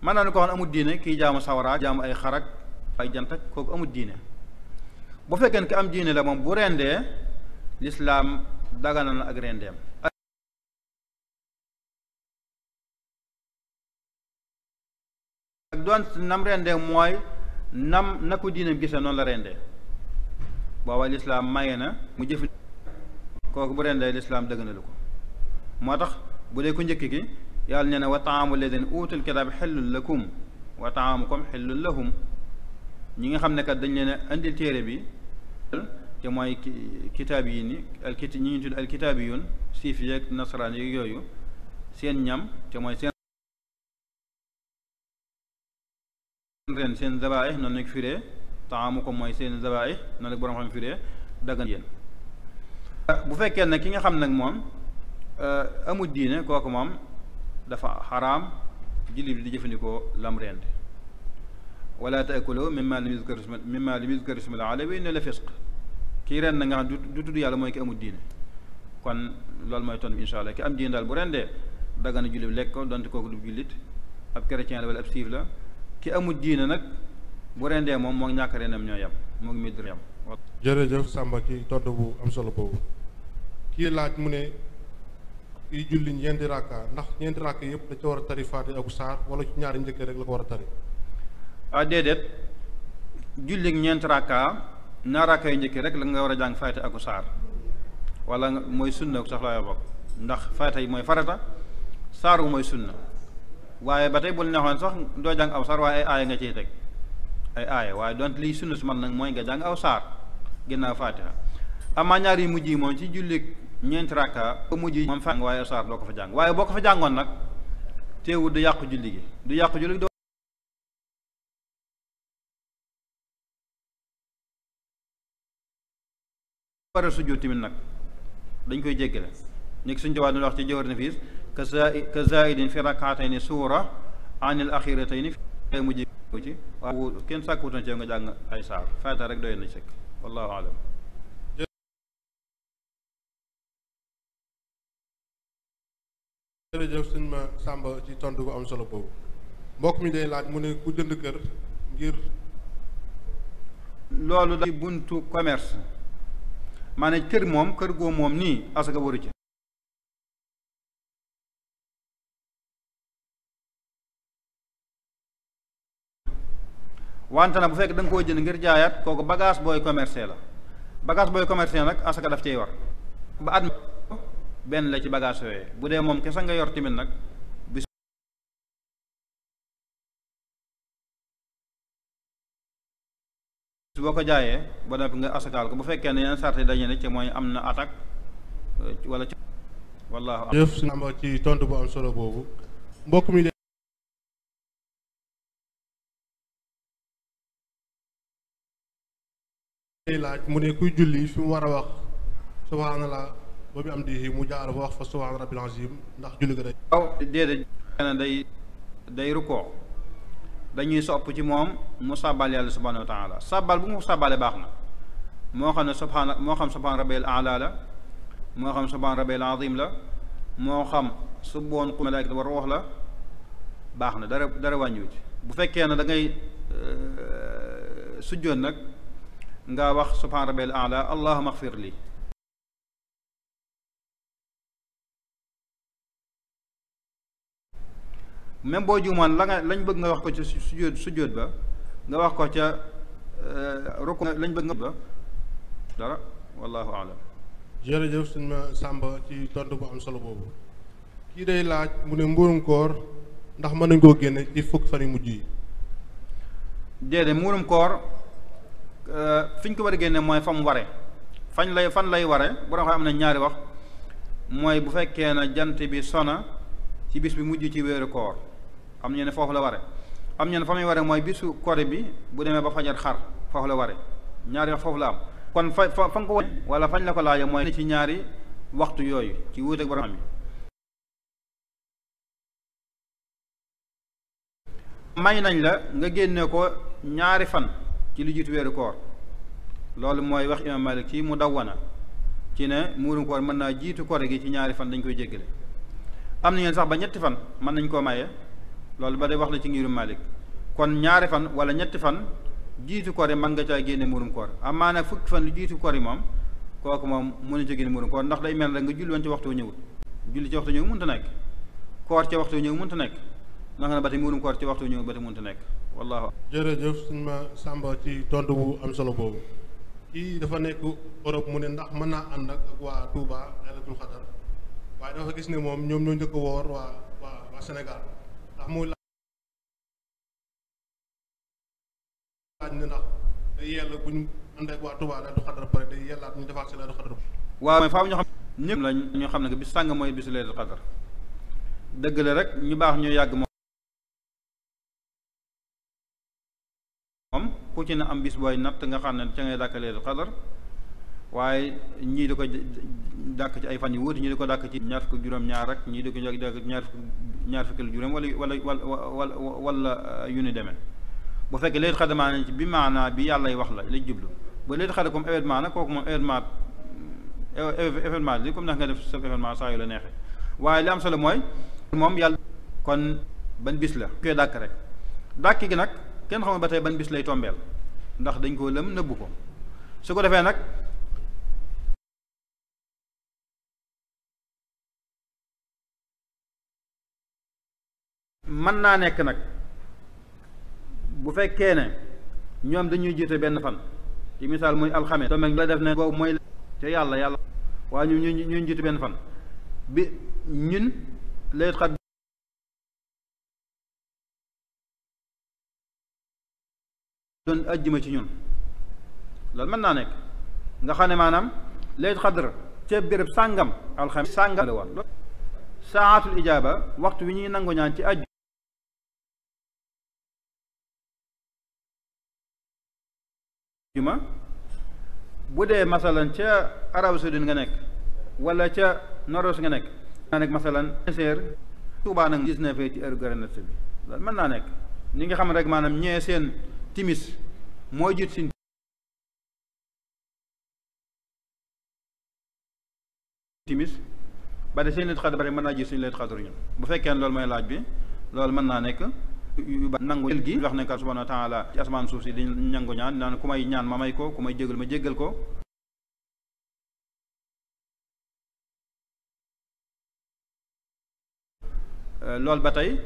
mën naa ne ko xam ne amul diine kii jaamu sawaraak jaamu ay xarak ay jantak kooku amul diine bu fekkee ne ki am diine la moom bu rendee lislaam dagana na ak rendeem ak doon nam rendee mooy nam na ku diineem gisee noonu la rendee booba lislaam maye na mu jëf kooku bu rendee lislaam dëgg na lu ko moo tax bu dee ku njëkk ki yàlla nee na wa taamu ladina uutul kitaab xillul lakum wa taamukum xillul lahum ñi nga xam ne kat dañ leen indil téere bi te mooy kitaab yi ni alkit ñi ñu tudd alkitaabiyun siif yeeg nasaraan yeeg yooyu seen ñam te seen ren seen zabaih noonu taamu ko mooy seen zabaih noonu nekk boroom bu fekkee ne ki nga xam nag moom Euh, amul diine kooku moom dafa xaraam jullit bi di jëfandikoo lam rend wala taakulu mimma lam yuzkar ismu mimma lam yuzkar ismu la ala wa inna la fisq kii ren na nga xam du tudd yàlla mooy ki amul diine kon loolu mooy ton bi insha allah ki am diine daal bu rendee dagana jullit bi lekk ko kooku du jullit ab chrétien la wala la ki amul diine nag bu rendee moom moo ñàkk rendam ñoo yam moo ngi mid yem jërëjëf Samba ci todd bu am solo boobu kii laaj mu ne kuy julli ñeenti rakka ndax ñeenti rakka yëpp da ca war a tari faati ak saar wala ci ñaari njëkkee rek la ko war a tari ah déedéet julli ñeenti rakka ñaar rakka yu rek la nga war a jàng faati ak saar wala mooy sunna sax laa ndax faati mooy farata saar mooy sunna waaye ba tey bu neexoon sax doo jàng aw waaye ay aaya nga ciy teg ay waaye donte liy sunna si man nag mooy nga jàng aw saar ginnaaw faatiha amaa ñaar yu mujj yi moom ci julli ñeenti rakka ba mujj moom fa waaye saar doo ko fa jàng waaye boo ko fa jàngoon nag teewul du yàqu julli gi du yàqu julli gi pare sujjóot tamit nag dañ koy jéggale ni ki suñ tubaa dina wax ci jawar nafiis ka ka zaidin fi rakaatayni suura anil axiratayni fi mujj ci waaw kenn sàkkuwutoon ci nga jàng ay saar faata rek doy na sëkk wallahu alam jërëjëf sëñ ma Samba tontu bu am solo boobu mbokk mi day mu ne ku jënd kër ngir. loolu da buntu commerce maanaam kër moom kër goo moom nii asaka waru wante nag bu fekk da koo jënd ngir jaayaat kooku bagage booy commerce la bagage booy commerce nag asaka daf cey war ba at. benn la ci bagage yooyu bu dee moom kese nga yor tamit nag bis boo ko jaayee ba noppi nga asakaal ko bu fekkee ne yeneen sart yi dañu ne ci mooy am na attaque euh, wala ci wallaahu jëf suñu am ci tontu bu am solo boobu mbokk mi day mu ne kuy julli fi mu war a wax subhanallah ba bi am di mu jaar ba wax fa subhaana rabbil aziim ndax julli ga day waaw déedéet na day day rukkoo dañuy sopp ci moom mu sàbbal yàlla subhaanahu wa taala sàbbal bu mu sàbbale baax na moo xam ne subhaana moo xam subhaana rabbil aala la moo xam subhaana rabbil aziim la moo xam subboon ku malaaykat war wax la baax na dara dara wàññiwu ci bu fekkee ne da ngay euh, sujjoon nag nga wax subhaana rabbil aala allahumma ighfir li même boo juumaan la lañ bëgg nga wax ko ca sujjóot sujjóot ba nga wax ko ca euh, rukk lañ bëgg nga ba dara wallahu alam jërëjëf suñ ma sàmba ci tontu bu am solo boobu kii day laaj mu ne mburum koor ndax mën nañ koo génne ci fukki fan yu mujj yi déedéet mburum koor euh, fiñ ko war a génne mooy fa mu ware fañ lay fan lay ware borom xam am na ñaari wax mooy bu fekkee na jant bi sona ci bis bi mujj ci weeru koor am ñu ne foofu la ware am ñu ne fa muy ware mooy bisu kori bi bu demee ba fajar xar foofu la ware ñaari wax foofu la am kon fa fa nga ko wone wala fañ la ko laaja mooy ci ñaari waxtu yooyu ci wuuteeg borom yi may nañ la nga génne ko ñaari fan ci lu jiitu weeru koor loolu mooy wax imam malik ci mu dawwana ci ne muurum koor mën naa jiitu koor gi ci ñaari fan dañ koy jéggale am nañu sax ba ñetti fan mën nañ koo maye loolu ba day wax na ci ngirum Malik kon ñaari fan wala ñetti fan jiitu kori man nga caa génne murum koor amaa nag fukki fan lu jiitu kori moom kooku moom mënu ca génne murum koor ndax day mel rek nga julli woon ci waxtu ñëwul julli ci waxtu ñëw mënta nekk koor ci waxtu ñëw mënta nekk ndax na ba tey murum koor ci waxtu ñëw ba tey mënta nekk wallaahu jërëjëf suñ ma Samba ci tontu bu am solo boobu kii dafa nekk Europe mu ne ndax mën naa ànd ak waa Touba Laylatul Qadr waaye dafa gis ne moom ñoom ñoo njëkk woor waa waa waa muy laaj ne ndax day yella bu ñu ànd ak waa Touba la du xadar pare day yellaat ñu defaat si la du xadar waaw mooy faaw ñoo xam ne que bis sàng mooy bis la du xadar dëgg la rek ñu baax ñu yàgg moom ku ci ne am bis booy natt nga xam ne ca ngay dàkkalee du xadar waaye ñii di ko dàkk ci ay fan yu wuute ñii di ko dàkk ci ñaar fukk juróom-ñaar rek ñii di ko ñaar fukk ñaar fukki juróom wala wala wala wala euh, yu ni demee bu fekkee léegi xadamaa nañ ci bi maanaa bi yàllay wax la lay jublu ba léegi xada comme événement nag kooku moom événement événement li comme neex nga def sa événement saa yu la neexee waaye li am solo mooy moom yàlla kon ban bis la koy dàkk rek dàq gi nag kenn xamul ba tey ban bis lay tombeel ndax dañ koo lëm nëbbu ko su ko defee nag mën naa nekk nag bu fekkee ne ñoom dañuy jiite benn fan ci misaal muy alxames tombeeg la def ne boobu mooy ca yàlla yàlla waaye ñu ñu ñu jiite benn fan bi ñun layut xat doon ajjuma ci ñun loolu mën naa nekk nga xam ne maanaam layut xadr ca béréb sàngam alxames sàngam la woon saatul ijaaba waxtu wi ñuy nangu ñaan ci ajju juma bu dee masalan ca Arabie Saoudite nga nekk wala ca Norvège nga nekk naa nekk masalan quinze nag dix-neuf heures ci heure Greenwich bi loolu mën naa nekk ñi nga xam rek maanaam ñee seen timis mooy jiit sin timis ba de seen leet bari mën naa jiit si leet xadar ñun bu fekkee loolu mooy laaj bi loolu mën naa nekk yu ba nangu gi wax ne ka subhanahu wa taala ci asamaan suuf si di nangu ñaan ku may ñaan ma may ko ku may jégal ma jégal ko euh, loolu ba tey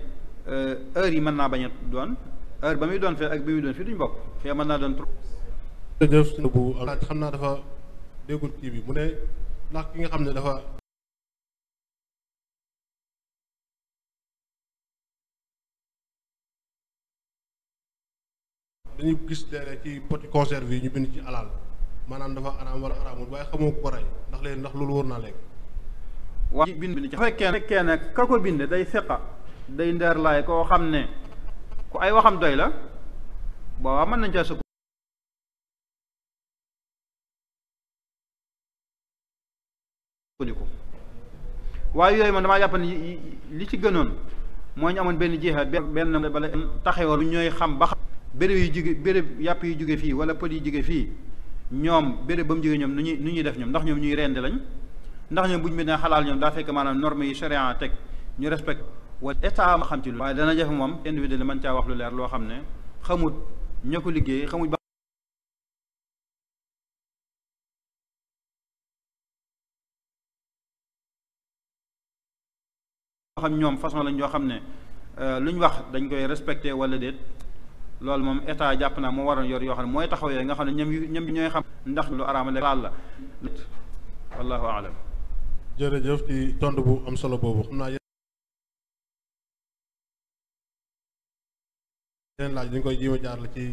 euh, heure yi mën naa bañ doon heure ba muy doon fee ak bi muy doon fii duñ bokk fee mën naa doon trop jërëjëf bu xam naa dafa déggul kii mu ne ndax ki nga xam ne dafa dañuy gis léeg-léeg ci poti conserve yi ñu bind ci alal maanaam dafa araam wala araamul waaye xamoo ko rey ndax léegi ndax loolu wóor naa léegi. waa bind bind ci fekkee fekkee ne ka ko day seqa day ndeer koo xam ne ay waxam doy la boobaa mën nañ caa sukk waaye yooyu man damaa jàpp li ci gënoon moo ñu amoon benn jeexal benn bala taxewoon ñooy xam ba xam béréb yu jóge béréb yàpp yu jóge fii wala pël yu jóge fii ñoom béréb ba mu jóge ñoom nu ñuy nu ñuy def ñoom ndax ñoom ñuy rendi lañ ndax ñoom bu ñu mënee xalaal ñoom daa fekk maanaam normes yi sharia teg ñu respect wala état ma jafe moom individu li mën wax lu leer xam ne xamut ña liggéey xamut ba xam ñoom façon lañ yoo xam ne euh, lu ñu wax dañ koy respecté wala déet loolu moom état jàpp naa moo waroon yor yoo xam ne mooy taxaw yooyu nga xam ne ñoom ñoom ñooy xam ndax lu araama la laal la wallahu alam jërëjëf bu am solo boobu xam naa yeneen koy jiima jaar la ci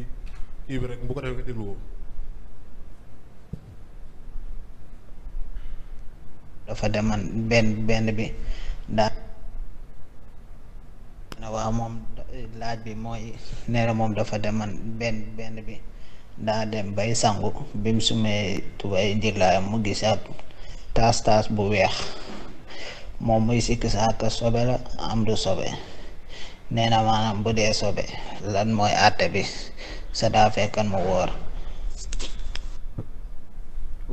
kii bu ko defee ko déglu benn benn waa moom laaj bi mooy nee na moom dafa deman benn benn bi daa dem bay sangu bi mu sumee tubay njiglaayam mu gis ab taas taas bu weex moom muy sikk saaka sobe la am du sobe nee na maanaam bu dee sobe lan mooy àtte bi sa daa fekkal mu wóor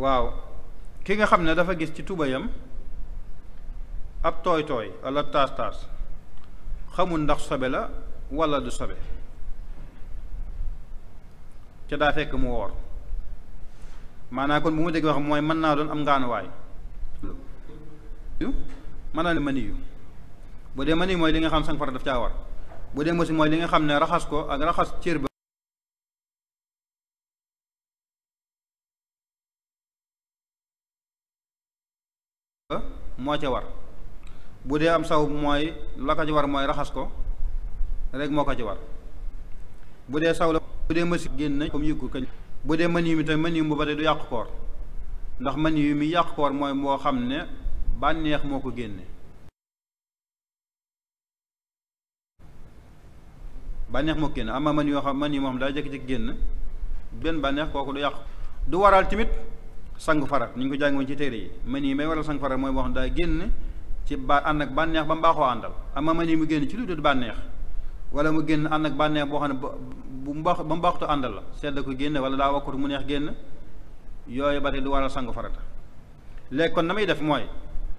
waaw ki nga xam ne dafa gis ci tubayam ab tooy tooy walla taas taas xamul ndax sobe la wala du sobe ca daa fekk mu woor maanaam kon bu mu dégg wax mooy mën naa doon am ngaanuwaay mën naa maniyu bu dee maniyu mooy li nga xam sang fara daf caa war bu dee mosi mooy li nga xam ne raxas ko ak raxas cër ba moo ca war bu dee am saw mooy la war mooy raxas ko rek moo ko ci war bu dee saw la bu dee masi génn nañ comme yëgku kañ bu dee mën yu mi tamit mën yu du yàq koor ndax mën mi yàq mooy moo xam ne bànneex moo ko génne bànneex moo ko génne ama mën yoo xam mën yu moo daa jékki-jékki génn benn bànneex kooku du yàq du waral timit sangu farat ni ñu ko jàngoon ci téere yi mën yi may waral sangu farat mooy moo xam daay génn ci ba ànd ak bànneex ba mbaaxoo àndal ama mën yi mu génn ci lu dul bànneex wala mu génn ànd ak bànneex boo xam ne bu mbaax ba mbaaxtu àndal la sedd ko génn wala daa wakkut mu neex génn yooyu ba tey du waral sangu farata léegi kon na muy def mooy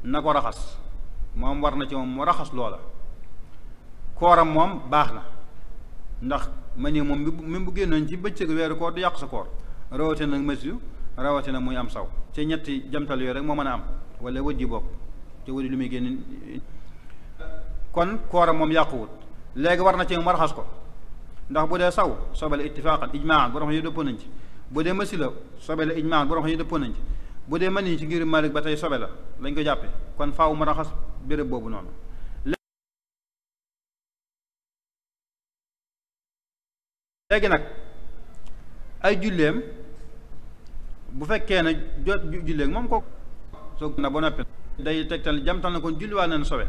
na ko raxas moom war na ci moom mu raxas loola kooram moom baax na ndax ma ne moom même bu génnoon ci bëccëg weeru koor du yàq sa koor rawatina mës yu rawatina muy am saw ci ñetti jamtal yooyu rek moo mën a am wala wëj ji bokk te wëj lu muy génn kon kooram moom yàquwut léegi war na ci mu raxas ko ndax bu dee saw sobe la ittifaqan ijmaan borom xam yi dëppoo nañ ci bu dee masi la sobe la ijmaan borom xam yi dëppoo nañ ci bu dee mani ci ngir malik ba tey sobe la lañ ko jàppe kon faw mu raxas béréb boobu noonu léegi nag ay julleem bu fekkee ne jot julleeg moom ko soog na ba noppi day tegtal jamtal na kon julliwaal nañ sobe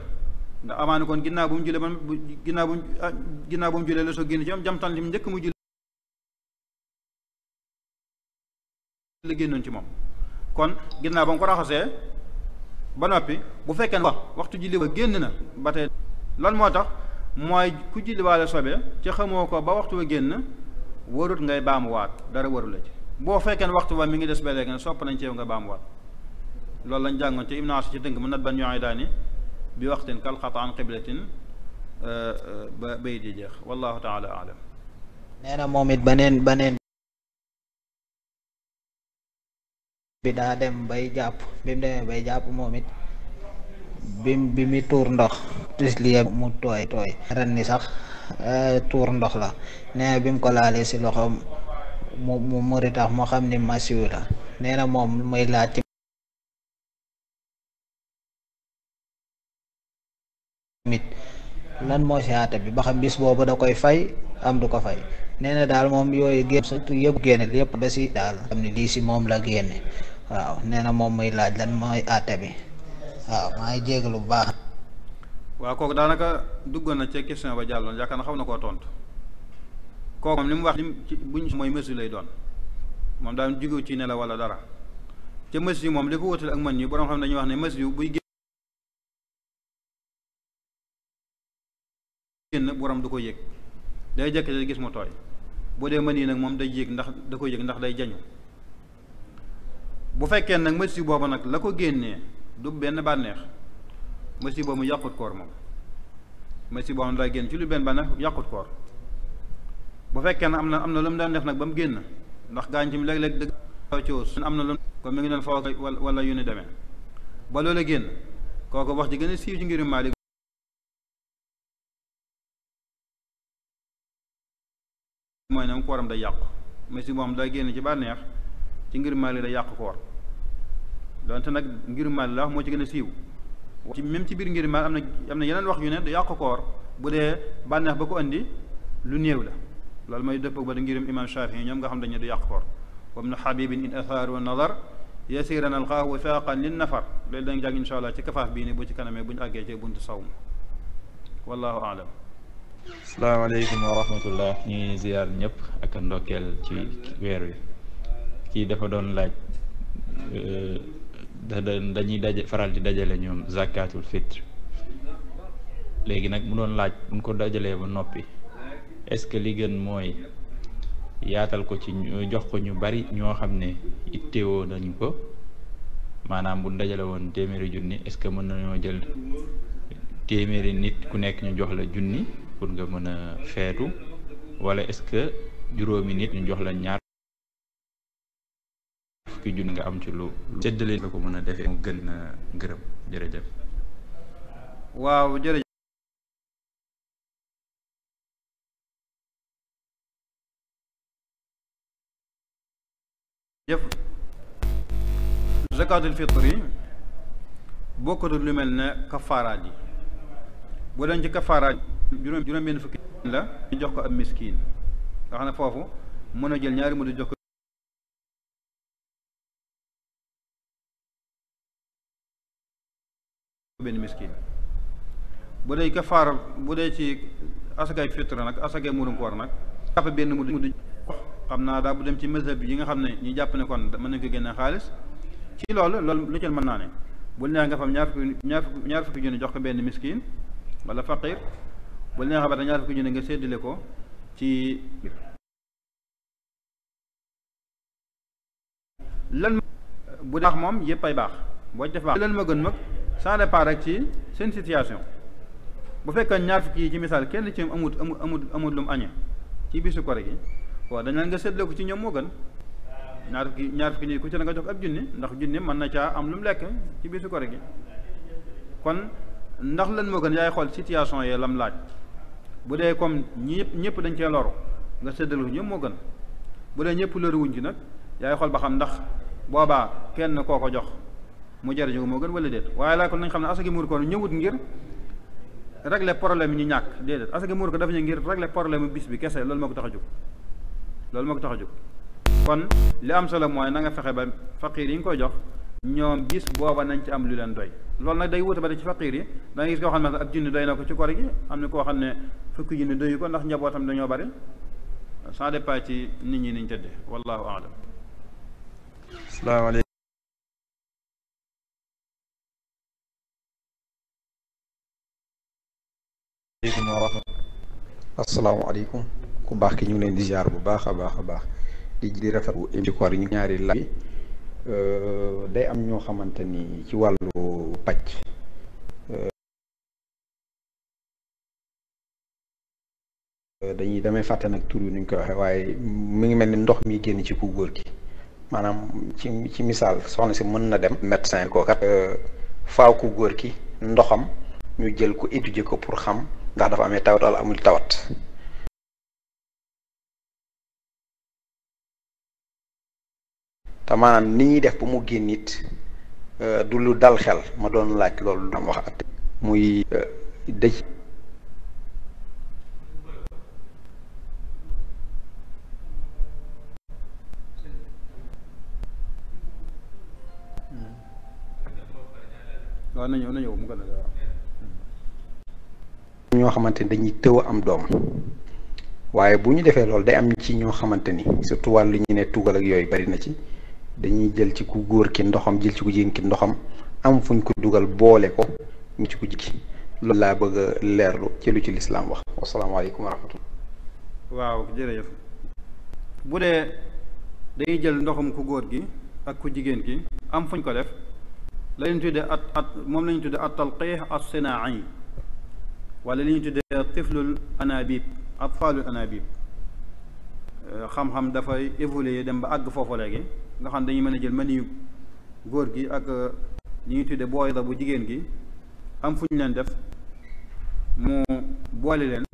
ndax amaana kon ginnaaw bu mu julee bu mu ah, ginnaaw bu mu julee la soo génn ci moom li mu njëkk mu julee génnoon ci moom kon ginnaaw ba mu ko raxasee ba noppi bu fekkee ne waxtu julli ba génn na ba tey lan moo tax mooy ku julliwaale sobe ci xamoo ko ba waxtu ba génn warut ngay baamuwaat dara waru la ci boo fekkee ne waxtu ba mi ngi des ba léegi sopp nañ ci yow nga baamuwaat loolu lañ jàngoon ci Ibn Aas ci tënk mu nat ban ñooy daani bi waxtin kal xata an qiblatin ba bay di jeex wallahu taala alam nee na moom it baneen baneen bi daa dem bay jàpp bi mu bay jàpp moom it bi tuur ndox tisliya mu tooy tooy ren ni sax eh, tuur ndox la nee na ko laalee si loxoom mu mu mu ritax moo xam ni masiwu la nee na moom may laaj lan moo si àtte bi ba xam bis boobu da koy fay am du ko fay nee na daal moom yooyu génn surtout yëpp génne yëpp ba si daal xam ne lii si moom la génne waaw nee na moom muy laaj lan mooy àtte bi waaw maa ngi jégalu bu baax. waaw kooku daanaka duggoon na ci question ba jàlloon yaakaar na xaw na koo tontu kooku moom li mu wax li mu mooy mesure lay doon moom daal jugewu ci ne la wala dara te mesure moom li ko wutale ak man ñi borom xam ne dañuy wax ne mesure buy génn nag borom du ko yëg day jekk day gis mu tooy bu dee mën yi nag moom day yëg ndax da ko yëg ndax day jañu bu fekkee nag masi boobu nag la ko génnee du benn bànneex masi boobu yàqut koor moom masi boobu daa génn ci lu benn bànneex yàqut koor bu fekkee ne am na am na lu mu daan def nag ba mu génn ndax gaañ ci mu léeg-léeg dëgg su am na lu comme mi ngi doon foo wala yu ni demee ba loola génn kooku wax ji gën a siiw ci ngirum Maalik mooy ne kooram da yàqu messi moom day génn ci bànneex ci ngir maali day yàqu koor donte nag ngir maali la moo ci gën a siiw ci ci biir ngir maali am na am na yeneen wax yu ne du yàqu koor bu dee bànneex ba ko andi lu néew la loolu mooy dëppoo ba da ngirum imam Shafii ñoom nga xam dañu du yàqu koor wa ibnu xabibin in athar wa nazar yasiran alqaahu wifaaqan lin nafar loolu dañ jàng insha allah ci kafaaf bii ne bu ci kanamee bu ñu àggee ci buntu sawm wallahu aalam salaamaaleykum wa rahmatullah ñuy ziar ñëpp ak ndokkeel ci weer wi kii dafa doon laaj euh, dañuy faral di dajale ñoom zakatul fitre léegi nag mu doon laaj buñ ko dajalee ba noppi est-ce que li gën mooy yaatal ko ci jox ko ñu bari ñoo xam ne itteewoo nañu ko maanaam bu dajale woon téeméeri junni est-ce que mën nañoo jël téeméeri nit ku nekk ñu jox la junni pour nga mën a feetu wala est-ce que juróomi nit ñu jox la ñaar fukki junni nga am ci lu séddale nga ko mën a defee mu gën na gërëm jërëjëf waaw jërëjëf jëf zakaatul fitr yi bokkatul lu mel ne kafaaraat yi bu doon ci kafaara juróom juróom benn fukki la ñu jox ko ab miskin nga na ne foofu mën a jël ñaari mudu jox ko benn miskin bu dee bu dee ci asakay fitre nag asakay murum koor nag jàpp benn mudu mudu xam naa daal bu dem ci mazhab yi nga xam ne ñu jàpp ne kon mën nañ ko génne xaalis ci loolu lool lu jël mën naa ne bu neex nga fam ñaar fukki ñaar fukki jox ko benn miskin wala faqir bu leen ba ñaar fukki junne nga séddale ko ci lan bu dee moom yëpp ay baax boo ci def baax ma gën mag ça dépend rek ci seen situation bu fekkee ñaar fukki yi ci misaal kenn ci amut amut amut amut lu mu añee ci bisu kore gi waaw dañ leen nga séddale ko ci ñoom moo gën ñaar fukki ñaar fukki nii ku ci la nga jox ab junni ndax junni mën na caa am lu mu lekk ci bisu kore gi kon ndax lan moo gën yaay xool situation yee lam laaj bu dee comme ñëpp ñëpp dañ cee loru nga séddale ko ñëpp moo gën bu dee ñëpp loru wuñ ci nag yaay xool ba xam ndax boobaa kenn koo ko jox mu jariñu moo gën wala déet waaye laa ko nañ xam ne asaka muur ko ñëwut ngir régler problème yi ñu ñàkk déedéet asaka muur ko dafa ñu ngir régler problème bis bi kese loolu moo ko tax a jóg loolu moo ko tax a jóg kon li am solo mooy nanga fexe ba faqiir yi nga koy jox ñoom bis booba nañ ci am lu leen doy loolu nag day wuute ba ci faqiir yi da ngay gis koo xam ne ab junni doy na ko ci kor gi am na koo xam ne fukki junni doyu ko ndax njabootam dañoo bari ça dépend ci nit ñi niñ tëddee wallahu aalam salaamaaleykum asalaamaaleykum ku baax ki ñu ngi leen di ziar bu baax a baax a baax di ji di rafetlu indi koor yi ñu ñaari laaj Euh, day am ñoo xamante ni ci wàllu pàcc euh, dañuy demee fàtte nag tur bi nuñ koy waxee waaye mu ngi mel ni ndox mi génn ci ku góor gi maanaam ci ci misaal soxna si mën na dem médecin ko kat euh, faaw ku góor ki ndoxam ñu jël ko étudier ko pour xam ndax dafa amee tawat wala amul tawat te maanaam ni ñuy def ba mu génn it euh, du lu dal xel ma doon laaj loolu lu wax at muy euh, dëj hmm. hmm. ñoo xamante ni dañuy tëw am doom waaye bu ñu defee loolu day am ci ñoo xamante ni surtout wàllu ñu ne tugal ak yooyu bari na ci dañuy jël ci ku góor ki ndoxam jël ci ku jigéen ki ndoxam am fuñ ko dugal boole ko ñu ci ku jigi loolu laa bëgg a leerlu ci lu ci lislaam wax wasalaamaaleykum wa rahmatullah waaw jërëjëf bu dee dañuy jël ndoxum ku góor gi ak ku jigéen ki am fuñ ko def lañu tudde at at moom lañu tudde at talqiix as sinaa'i wala li ñu tudde tiflul anabib atfaalul anabib xam-xam dafay évoluer dem ba àgg foofu léegi nga xam dañuy mën a jël maniyu góor gi ak ñu ngi tudde booy da bu jigéen gi am fu ñu leen def mu boole leen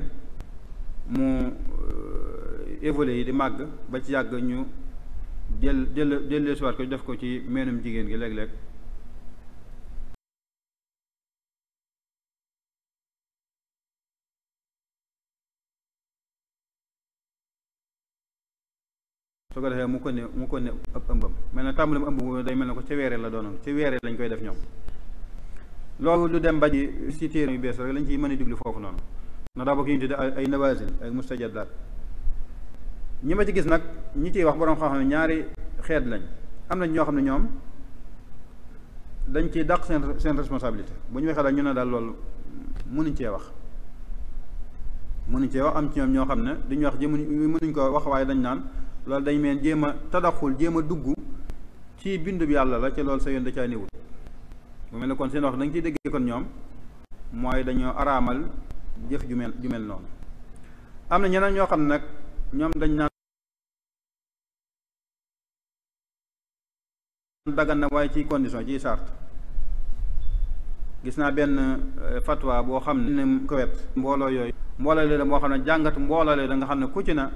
mu évoluer yi di màgg ba ci yàgg ñu jël jël jël ko def ko ci meenum jigéen gi léeg-léeg su ko defee mu ko ne mu ko ne ab ëmbam mel na tàmbalam ëmb day mel na ko ci weeree la doonoon ca weeree lañ koy def ñoom loolu lu dem baji si téere yu bees rek lañ ciy mën a foofu noonu na daa bokk yu ñu tudde ay nawazil ay mustajadaat ñi ma ci gis nag ñi ciy wax boroom xam-xam ñaari xeet lañ am nañ ñoo xam ne ñoom dañ ciy dàq seen seen responsabilité bu ñu waxee daal ñu ne daal loolu mënuñ cee wax mënuñ cee wax am ci ñoom ñoo xam ne duñu wax ji mënuñ ko wax waaye dañ naan loolu dañ meen jéem a tadaxul jéem a dugg ci bi yàlla la ci loolu sa yoon da ca néewul mu mel ne kon seen wax da nga ciy déggee kon ñoom mooy dañoo araamal jëf ju mel ju mel noonu am na ñeneen ñoo xam ne nag ñoom dañ naan dagan na waaye ci condition ci sart gis naa benn euh, fatwa boo xam ne ko wet mbooloo yooyu mbooloo la moo xam ne jàngat mbooloo la nga xam ne ku ci na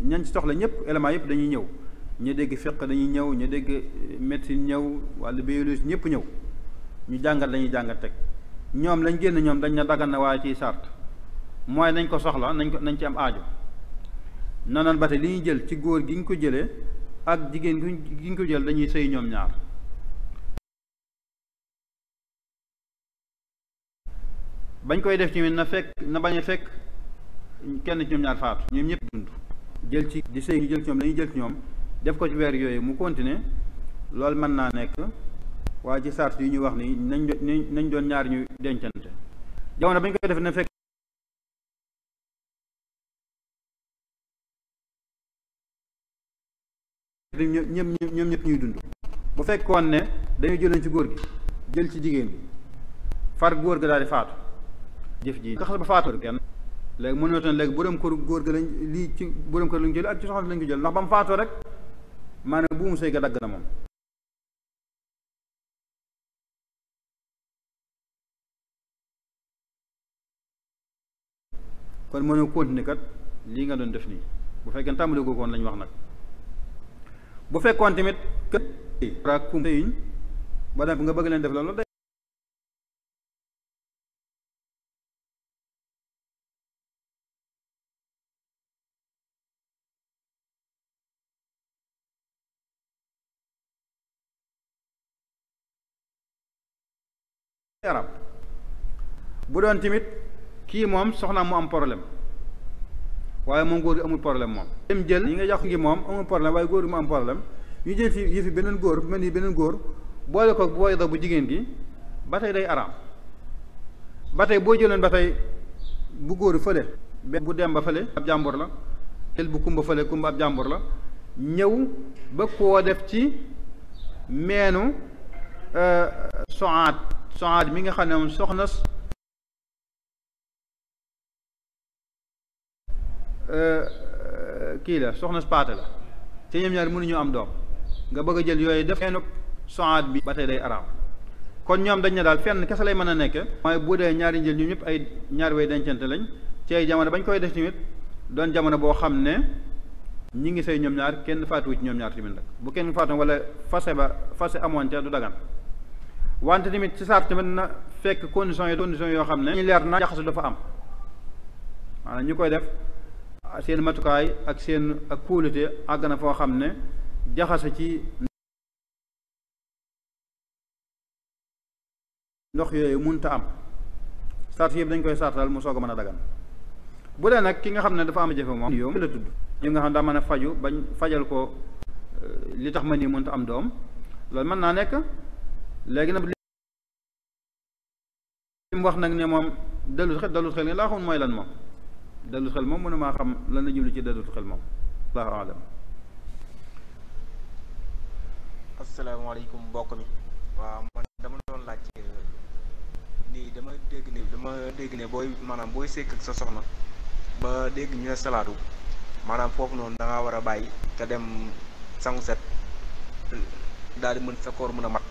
ñañ ci soxla ñëpp éléments yëpp dañuy ñëw ñu dégg fiq dañuy ñëw ñu dégg médecine ñëw wàllu biologie ñëpp ñëw ñu jàngat lañuy jàngat teg ñoom lañ génn ñoom dañ na daggan na waaye ciy sart mooy nañ ko soxla nañ ko nañ ci am aajo noonu ba tey li ñuy jël ci góor gi ñu ko jëlee ak jigéen gi ñu ko jël dañuy sëy ñoom ñaar bañ koy def ci na fekk na bañ a fekk kenn ci ñoom ñaar faatu ñoom ñëpp dund jël ci di sëy gi jël ci ñoom dañuy jël ci ñoom def ko ci weer yooyu mu continuer loolu mën naa nekk waaye ci sart yi ñu wax ni nañ nañ doon ñaar ñu dencante jamono bañ koy def na fekk ñoom ñoom ñëpp ñuy dund bu fekkoon ne dañu jëloon ci góor gi jël ci jigéen gi far góor ga daal di faatu jëf ji nga xam ba faatu kenn léegi mu ne woon léegi borom kër góor gi lañ lii ci borom kër lañ jël ak ci soxna lañ ko jël ndax ba mu faatoo rek maanaam buumu sëy ga dagg na moom kon mën a continuer lii nga doon def nii bu fekkee tàmbali ko woon lañ wax nag bu fekkoon tamit kër kum sëyiñ ba dem nga bëgg leen def loolu yaram bu doon tamit kii moom soxna mu am problème waaye moom góor gi amul problème moom dem jël yi nga jox ngi moom amul problème waaye góor gi mu am problème ñu jël fi yëfi beneen góor mel ni beneen góor boole ko boole da bu jigéen gi ba tey day araam ba tey boo jëloon ba tey bu góor fële bu dem ba fële ab jàmbur la jël bu kumba fële kumba ab jàmbur la ñëw ba koo def ci meenu euh, soxaat soxaat mi nga xam ne moom soxna kii la soxna paate la ci ñoom ñaar mënuñu am doom nga bëgg a jël yooyu def eenuk soxaat bi ba tey day araam kon ñoom dañ ne daal fenn kese lay mën a nekke mooy bu dee ñaari njël ñu ñëpp ay ñaar way dencante lañ ci ay jamono bañ koy def tamit doon jamono boo xam ne ñi ngi sëy ñoom ñaar kenn faatuwu ci ñoom ñaar tamit nag bu kenn faatu wala fase ba fase amoon te du dagan wante tamit ci sart mën na fekk condition yi condition yoo xam ne ñu leer na jaxasu dafa am ñu koy def seen matukaay ak seen ak kóolute àgg na foo xam ne jaxase ci ndox yooyu munta am sart yëpp dañ koy sartal mu soog a mën a dagan bu dee nag ki nga xam ne dafa am a jafe moom yoom la tudd yi nga xam daa mën a faju bañ fajal ko euh, li tax ma nii mënta am doom loolu mën naa nekk léegi nag li mu wax nag ne moom dellut xel dellut xel nga laa xamul mooy lan moom dellut xel moom mënu maa xam lan la jublu ci dellut xel moom allahu alam asalaamaaleykum mbokk mi waaw man dama doon laaj nii dama dégg ne dama dégg ne booy maanaam booy sekk ak sa soxna ba dégg ñu ne salaatu maanaam foofu noonu da war a bàyyi te dem sangu set daal di mën sa koor mën a mat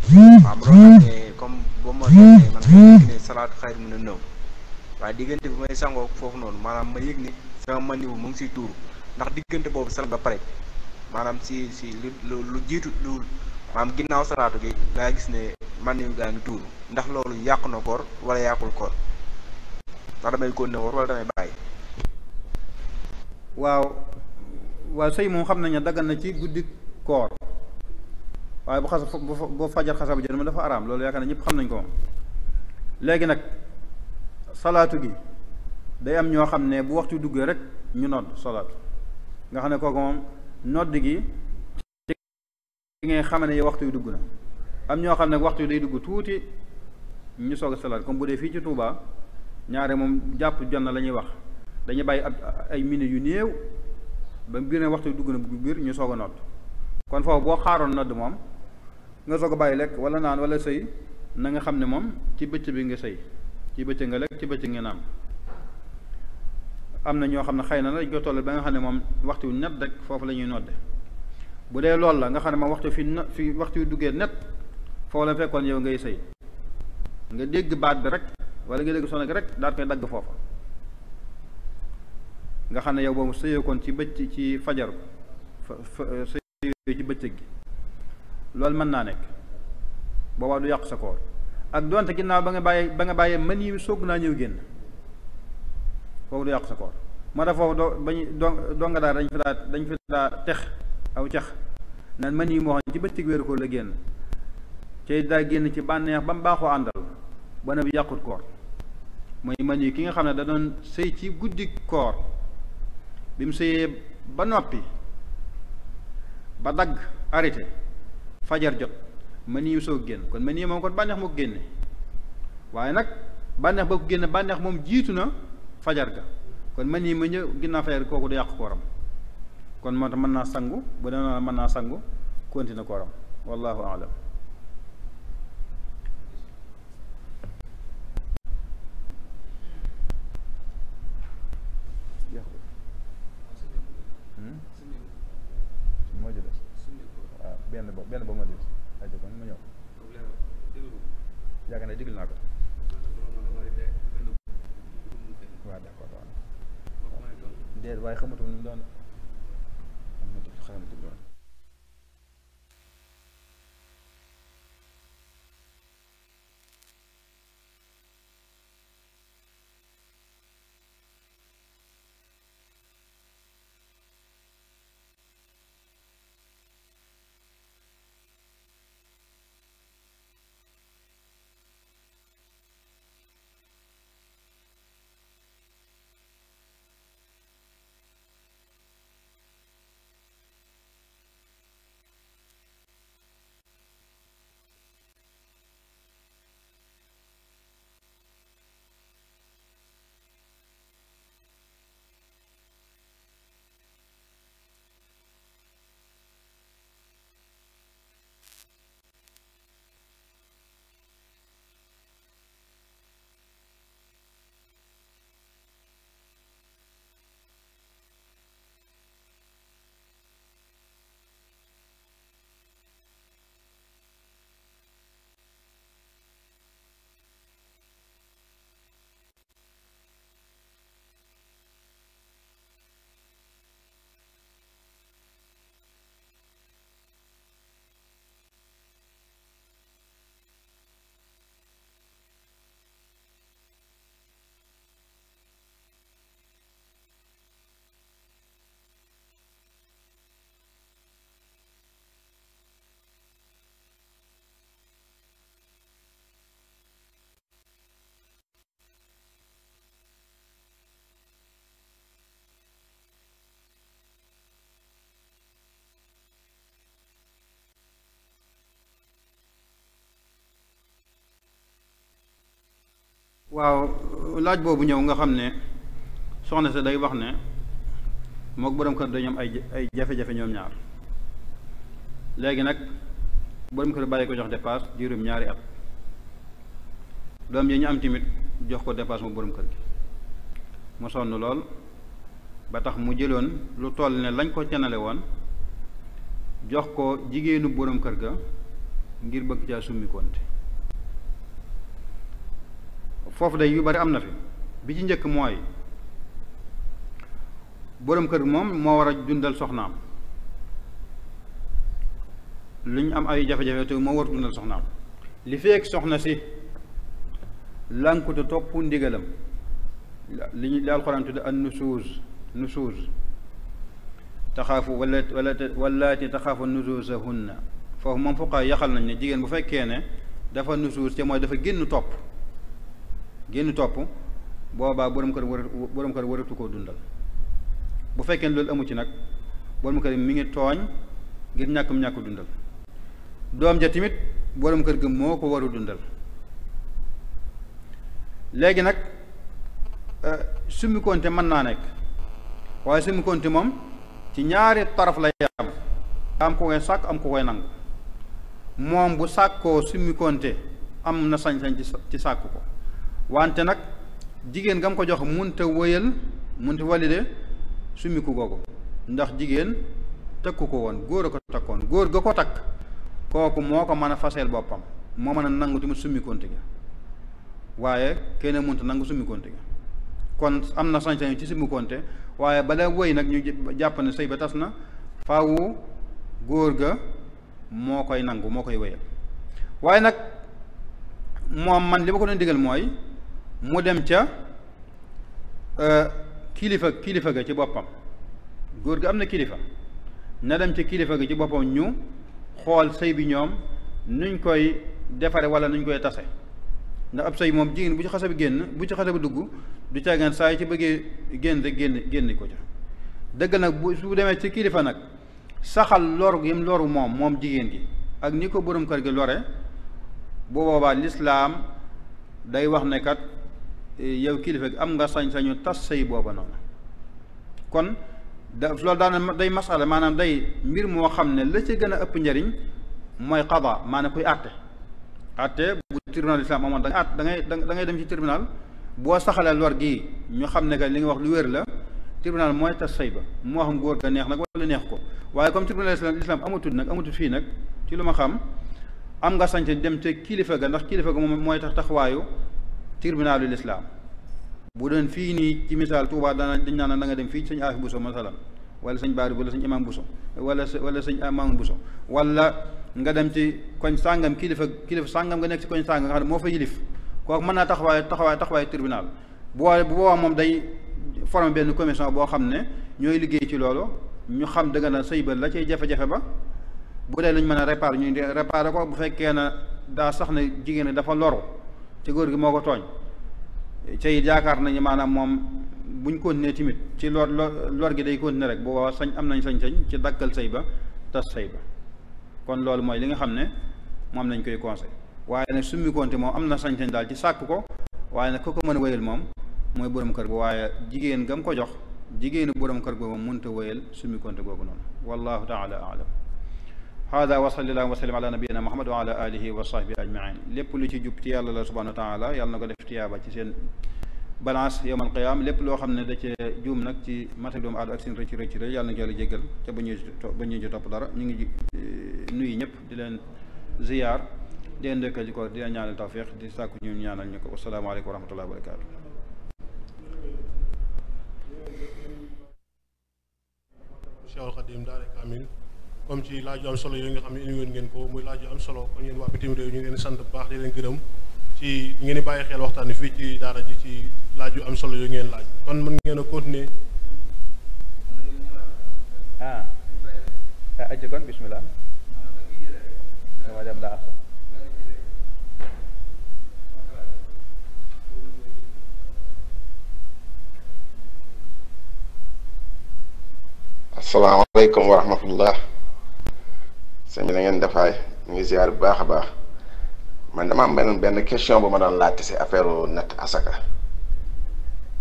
waaw mu doon nag ne comme ba ma doon man ma yëg ne salaatu xayr mun a nëw waaye diggante bi may sangoo foofu noonu maanaam ma yëg ne sama maniwu mu ngi siy tuuru ndax diggante boobu salaat ba pare maanaam si si lu lu jiitu lu maanaam ginnaaw salaatu gi laa gis ne maniwu gaa ngi tuuru ndax loolu yàq na koor wala yàqul koor ndax damay kon ne woor wala damay bàyyi waaw waaw sëy moom xam nañu daggan na ci guddi koor waaye bu xas bu fajar xasa bu jot ma dafa araam loolu yaakaar na ñëpp xam nañ ko moom léegi nag salaatu gi day am ñoo xam ne bu waxtu duggee rek ñu nodd salaatu nga xam ne kooku moom nodd gi ci ngay xam ne waxtu yu dugg na am ñoo xam ne waxtu yu day dugg tuuti ñu soog a salaat comme bu dee fii ci Touba ñaare moom jàpp jot na la ñuy wax dañu bàyyi ab ay minutes yu néew ba biir ne waxtu yu dugg na bu biir ñu soog a nodd kon foofu boo xaaroon nodd moom nga soog a bàyyi lekk wala naan wala sëy na nga xam ne moom ci bëcc bi nga sëy ci bëcc nga lekk ci bëcc nga naan am na ñoo xam ne xëy na dañ ko toll ba nga xam ne moom waxtu wi net rek foofu la ñuy nodde bu dee loolu la nga xam ne moom waxtu fi na fi waxtu duggee net foofu la fekkoon yow ngay sëy nga dégg baat bi rek walla nga dégg sonn gi rek daal koy dagg foofa nga xam ne yow boobu sëyeekoon ci bëcc ci fajar fa sëyee ci bëccëg gi loolu mën naa nekk boobaa du yàqu sa koor ak donte ginnaaw ba nga bàyyee ba nga bàyyee mën yi soog naa ñëw génn foofu du yàqu sa koor moo tax foofu ba bañu donga daal dañ fi daa dañ fi daa tex aw cax na mën yi moo xam ci bëccëg wéeru koor la génn te daa génn ci bànneex ba mu baaxoo àndal bana bi yàqut koor mooy mën yi ki nga xam ne da doon sëy ci guddi koor bi mu sëyee ba noppi ba dagg arrêté fajar jot ma nii soog génn kon ma nii moom kon bànneex moo ko génne waaye nag bànneex ba ko génne bànneex moom jiitu na fajar ga kon ma nii ma ñëw ginnaaw fajar kooku du yàq kooram kon moo tax mën naa sangu bu dee mën naa sangu continuer kooram wallahu aalam benn bo benn boobu ma déglu ayca kon mu ñëw. yaakaar naa diglu na ko. waaw d'accord waaw. déet waaye xamatuma nu mu doon. waaw laaj boobu ñëw nga xam ne soxna sa day wax ne mook borom kër dañu am ay ay jafe-jafe ñoom ñaar léegi nag borom kër bàyyi ko jox dépasse diirum ñaari at doom yi ñu am tamit jox ko dépasse mu borom kër gi mu sonn lool ba tax mu jëloon lu toll ne lañ ko canale woon jox ko jigéenu borom kër ga ngir bëgg caa summi konte foofu day yu bari am na fi bi ci njëkk mooy boroom kër moom moo war a dundal soxnaam li ñu am ay jafe-jafe te moo war dundal soxnaam li feek soxna si lànkutu topp ndigalam li ñu li alxuraan tudde an nusuuz nusuuz taxaafu wala wala wallaati taxaafu nusuuzahunna foofu moom fuqaa yaxal nañ ne jigéen bu fekkee ne dafa nusuuz te mooy dafa génn topp génn topp boobaa borom kër war borom kër waratu koo dundal bu fekkee ne loolu amu ci nag borom kër mi ngi tooñ ngir ñàkkum ñàkk dundal doom ja tamit borom kër gi moo ko waru dundal léegi nag euh, summi konte mën naa nekk waaye summi konte moom ci ñaari taraf la am am ko koy sàkk am ko koy nangu moom bu sàkkoo summi am na sañ-sañ ci sàkk ko wante nag jigéen nga mu ko jox munta wëyal munta walide summiku googu ndax jigéen takku ko woon góor a ko takkoon góor ga ko takk kooku moo ko mën a faseel boppam moo mën a nangu tamit summikonte gi waaye kenn munta nangu summikonte kon am na sañ-sañ ci summikonte waaye bala wëy nag ñu jàpp ne sëy ba tas na faawu góor ga moo koy nangu moo koy wëyal waaye nag moom man li ma ko doon digal mooy mu dem ca euh, kilifa kilifa ga ci boppam góor gi am na kilifa na dem ca kilifa ga ci boppam ñu xool sëy bi ñoom nuñ koy defare wala nuñ koy tase ndax ab sëy moom jigéen bu ci xase génn bu ci xase bi dugg du caagaan saa yi ci bëggee génn génn génn ko ca dëgg nag bu su demee ci kilifa nag saxal lor gi loru moom moom jigéen gi ak ni ko borom kër gi lore bu boobaa lislaam day wax ne yow kilifa gi am nga sañ-sañu tas sëy booba noonu kon da loolu daana day masala maanaam day mbir moo xam ne la ci gën a ëpp njariñ mooy qada maanaam kuy àtte àtte bu tribunal islam amoon da at da ngay da ngay dem ci tribunal boo saxalee lor gi ñu xam ne que li nga wax lu wér la tribunal mooy tas sëy ba moo xam góor ga neex nag wala neex ko waaye comme tribunal islam islam amatul nag amatul fii nag ci lu ma xam am nga sañ dem te kilifa ga ndax kilifa ga moom mooy tax taxawaayu tribunalul islam bu doon fii nii ci misaal Touba dana dañ naan na nga dem fii sëñ Aafi Buso masalan wala sëñ Baari wala sëñ Imam Buso wala wala sëñ Imam Buso wala nga dem ci koñ sàngam kilifa kilifa sàngam nga nekk ci koñ sàngam nga xam ne moo fa yilif kooku mën naa taxawaay taxawaay taxawaay tribunal bu bu boobaa moom day former benn commission boo xam ne ñooy liggéey ci loolu ñu xam dëgg na sëy ba la cay jafe-jafe ba bu dee lañ mën a réparer ñu réparer ko bu fekkee na daa sax ne jigéen dafa loru te góor gi moo ko tooñ ca jaakaar yaakaar nañu maanaam moom buñ nee timit ci lor lor gi day ne rek booba sañ am nañ sañ-sañ ci dakkal sëy ba tas sëy ba kon loolu mooy li nga xam ne moom nañ koy conseil waaye nag summi moom am na sañ-sañ daal ci sàkk ko waaye nag ku ko mën a wéyal moom mooy borom kër ga waaye jigéen gam ko jox jigéenu borom kër googu mënta wéyal summi konte googu noonu wallahu taala alam hada wa sallallahu wa sallam ala muhammad wa ala alihi wa sahbi ajmain lépp lu ci jub ci yàlla la subhanahu wa yàlla na ko def tiyaaba ci seen balance yowmal qiyaam lépp loo xam ne da cee juum nag ci matal doomu aadama ak seen rëcc rëcc rek yàlla na ko yàlla jéggal ca ba ñuy ba ñuy ci topp dara ñu ngi nuyu ñëpp di leen ziyaar di leen dëkkal ci ko di leen ñaanal tawfiq di sàkku ñu ñaanal ñu ko asalaamaaleykum wa rahmatullahi wa barakaatu Cheikhul comme ci laaj yu am solo yooyu nga xam ne indi woon ngeen ko muy laaj yu am solo kon yéen waa bitim réew ñu ngi leen sant baax leen gërëm ci ngeen di bàyyi xel waxtaan fii ci daara ji ci laaj yu am solo yooyu ngeen laaj man man ngeen a continuer. ah. ah ajju kon bismillah. sëñ bi na ngeen defaay ñu ngi bu baax a baax man dama am benn benn question bu ma doon laajte si affaire natt asaka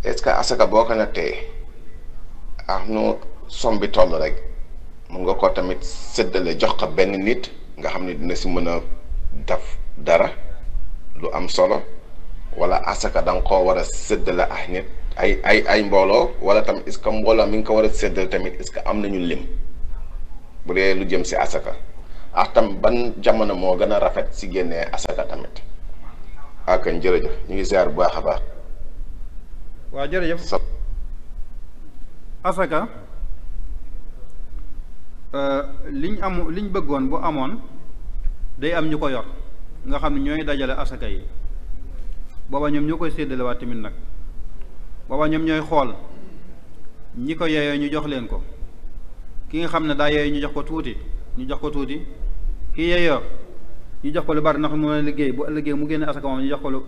est-ce que asaka boo ko nattee ah nu som bi toll rek mun nga ko tamit séddale jox ko benn nit nga xam ni dina si mën a daf dara lu am solo wala asaka da nga koo war a séddale ah nit ay ay ay mbooloo wala tam est-ce mbooloo mi ngi ko war a séddale tamit est-ce que am nañu lim bu dee lu jëm si asaka. ak tam ban jamono moo gën a rafet si génnee asaka tamit ak jërëjëf ñu ngi ziar bu baax a baax. waaw jërëjëf. asaka euh, liñ am liñ bëggoon bu amoon day am ñu ko yor nga xam ne ñooy dajale asaka yi booba ñoom ñoo koy séddalewaat tamit nag booba ñoom ñooy xool ñi ko yeeyoo ñu jox leen ko ki nga xam ne daa yeeyoo ñu jox ko tuuti. ñu jox ko tuuti kii yeeyoo ñu jox ko lu bari ndax mu liggéey bu liggéey mu génne asaka moom ñu jox ko lu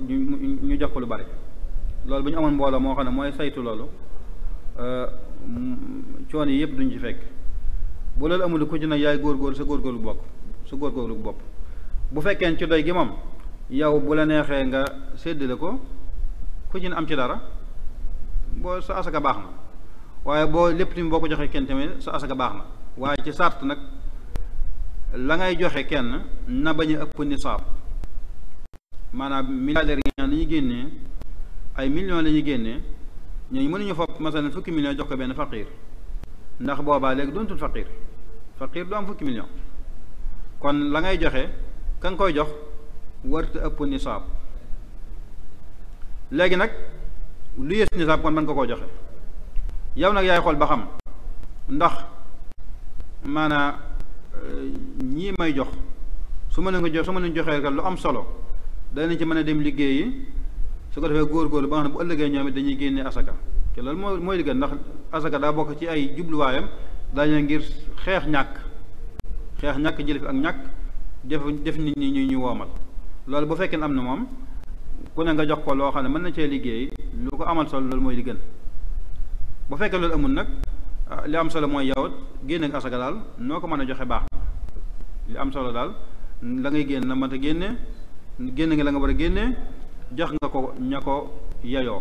ñu jox ko bari loolu bu ñu amoon mbooloo moo xam ne mooy saytu loolu euh, coon yi yëpp duñ ci fekk bu loolu amul ku ci nag yaay góorgóorlu sa góorgóorlu bokk góor góorgóorlu bopp bu fekkee ci doy gi moom yow bu la neexee nga séddale ko ku ci ne am ci dara boo sa asaka baax na waaye boo lépp tamit boo ko joxee kenn tamit sa asaka baax na waaye ci sart nag la ngay joxe kenn na bañ a ëpp nisaab maanaam milliardaires yi la lañuy génnee ay millions la ñuy génnee ñooñu mënuñu fopp masalan fukki millions jox ko benn faqir ndax boobaa léegi doontul faqir faqir du am fukki millions kon la ngay joxe ka nga koy jox warta ëpp nisaab léegi nag lu yées nisaab kon mën nga koo joxe yow nag yaay xool ba xam ndax maanaa ñii may jox su ma leen ko jox su ma leen joxee ka lu am solo danañ ci mën a dem liggéeyi su ko defee góor ba nga xam ne bu ëllëgee ñoom it dañuy génnee asaka te loolu mooy mooy liggéey ndax asaka daa bokk ci ay jubluwaayam daañu ngir xeex ñàkk xeex ñàkk jële ak ñàkk def def nit ñi ñu ñu woomal loolu bu fekkee am na moom ku ne nga jox ko loo xam ne mën na cee liggéey lu ko amal solo loolu mooy li gën bu fekkee loolu amul nag Ah, li am solo mooy yow génne ak asaka daal noo ko mën a joxe baax na li am solo daal la ngay génn la mën a génne génn nga la nga war a génne jox nga ko ña ko yeyoo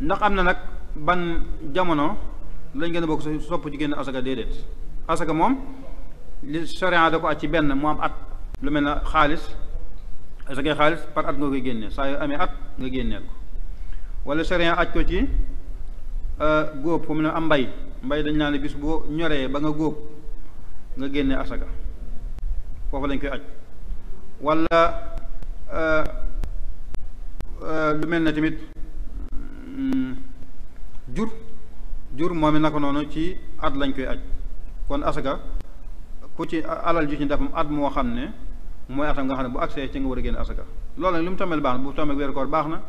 ndax am na nag ban jamono lañ gën a bokk sopp ci génn asaka déedéet asaka moom li sharia da ko at ci benn mu am at lu mel na xaalis asaka xaalis par at nga koy génne saa yu amee at nga génnee ko wala sharia aj ko ci Euh, góob comme ne am mbay mbay dañ naa ne bis boo ñoree ba nga góob nga génne asaka foofu lañ koy aj wala euh, euh, lu mel ne tamit hmm, jur jur moom it naka noonu ci at lañ koy aj kon asaka ku ci alal ju ci defam at moo xam ne mooy atam nga xam ne bu agsee ci nga war a génne asaka loolu nag li mu tombeel baax na bu tombeek weeru baax na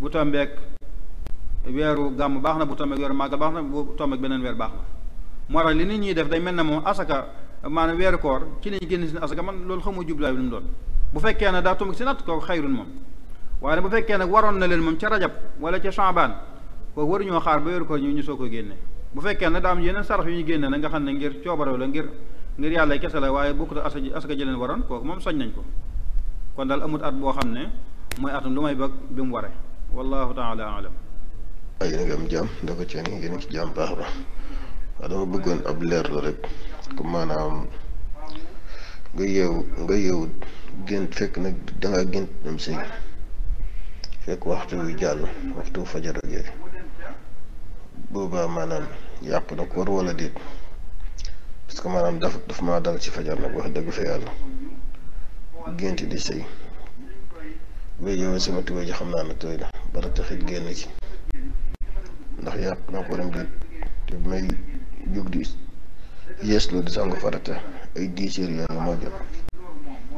bu tombeek weeru gàmm baax na bu tombeek weeru màggal baax na bu tombeek beneen weer baax na moo tax li nit ñuy def day mel na moom asaka maanaam weeru koor ci lañ génn si asaka man loolu xamu jublaay lu mu doon bu fekkee ne daa tombeek si natt kooku xayrun moom waaye bu fekkee nag waroon na leen moom ca rajab wala ca chambaan kooku waruñoo xaar ba weeru koor ñu soo ko génnee bu ne daa am yeneen sarax yu ñu génne nag nga xam ne ngir coobarew la ngir ngir yàlla kese la waaye bokkut asa asaka jëleen waroon kooku moom soñ nañ ko kon daal amut at boo xam ne mooy atum lu may bëgg bi mu ware wallahu taala alam waaw yéen a ngi am jàmm dafa ceen yéen a ci jàmm baax ba waaw dama bëggoon ab leer la rek comme maanaam nga yeewu nga yeewu gént fekk nag dangaa gént dem sëy fekk waxtu wi jàll waxtu fajar ak yooyu boobaa maanaam yàq na koor wala déet parce maanaam daf daf maa dal ci fajar nag wax dëgg fa yàlla gént di sëy nga yeewoo sama tubaab ji xam naa ne tooy na bara taxit génn ci ndax yaat naa ko waram te may jóg di yées la sangu farata ay dix heures yooyu moo jot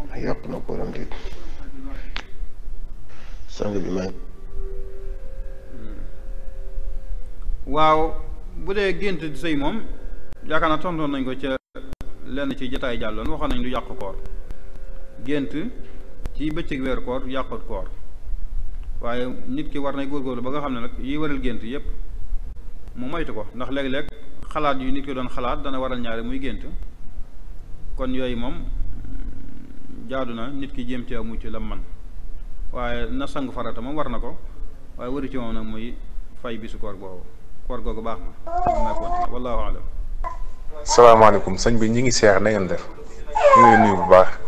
ndax yàpp naa ko waram déet sang bi may waaw bu dee gént sëy moom yaakaar naa tontoon nañ ko ca lenn ci jataay jàlloon waxoon nañ du yàq koor gént ci bëccëg weer koor yàqut koor waaye nit ki war nay góorgóorlu ba nga xam ne nag yi waral gént yépp mu moytu ko ndax léeg-léeg xalaat yu nit ki doon xalaat dana waral ñaari muy gént kon yooyu moom jaadu na nit ki jéem cee mucc la man waaye na sang farata moom war na ko waaye waru ci moom nag muy fay bisu koor boobu koor googu baax na kon wallaahu alam salaamaaleykum sëñ bi ñu ngi seer na ngeen def ñu ngi nuyu bu baax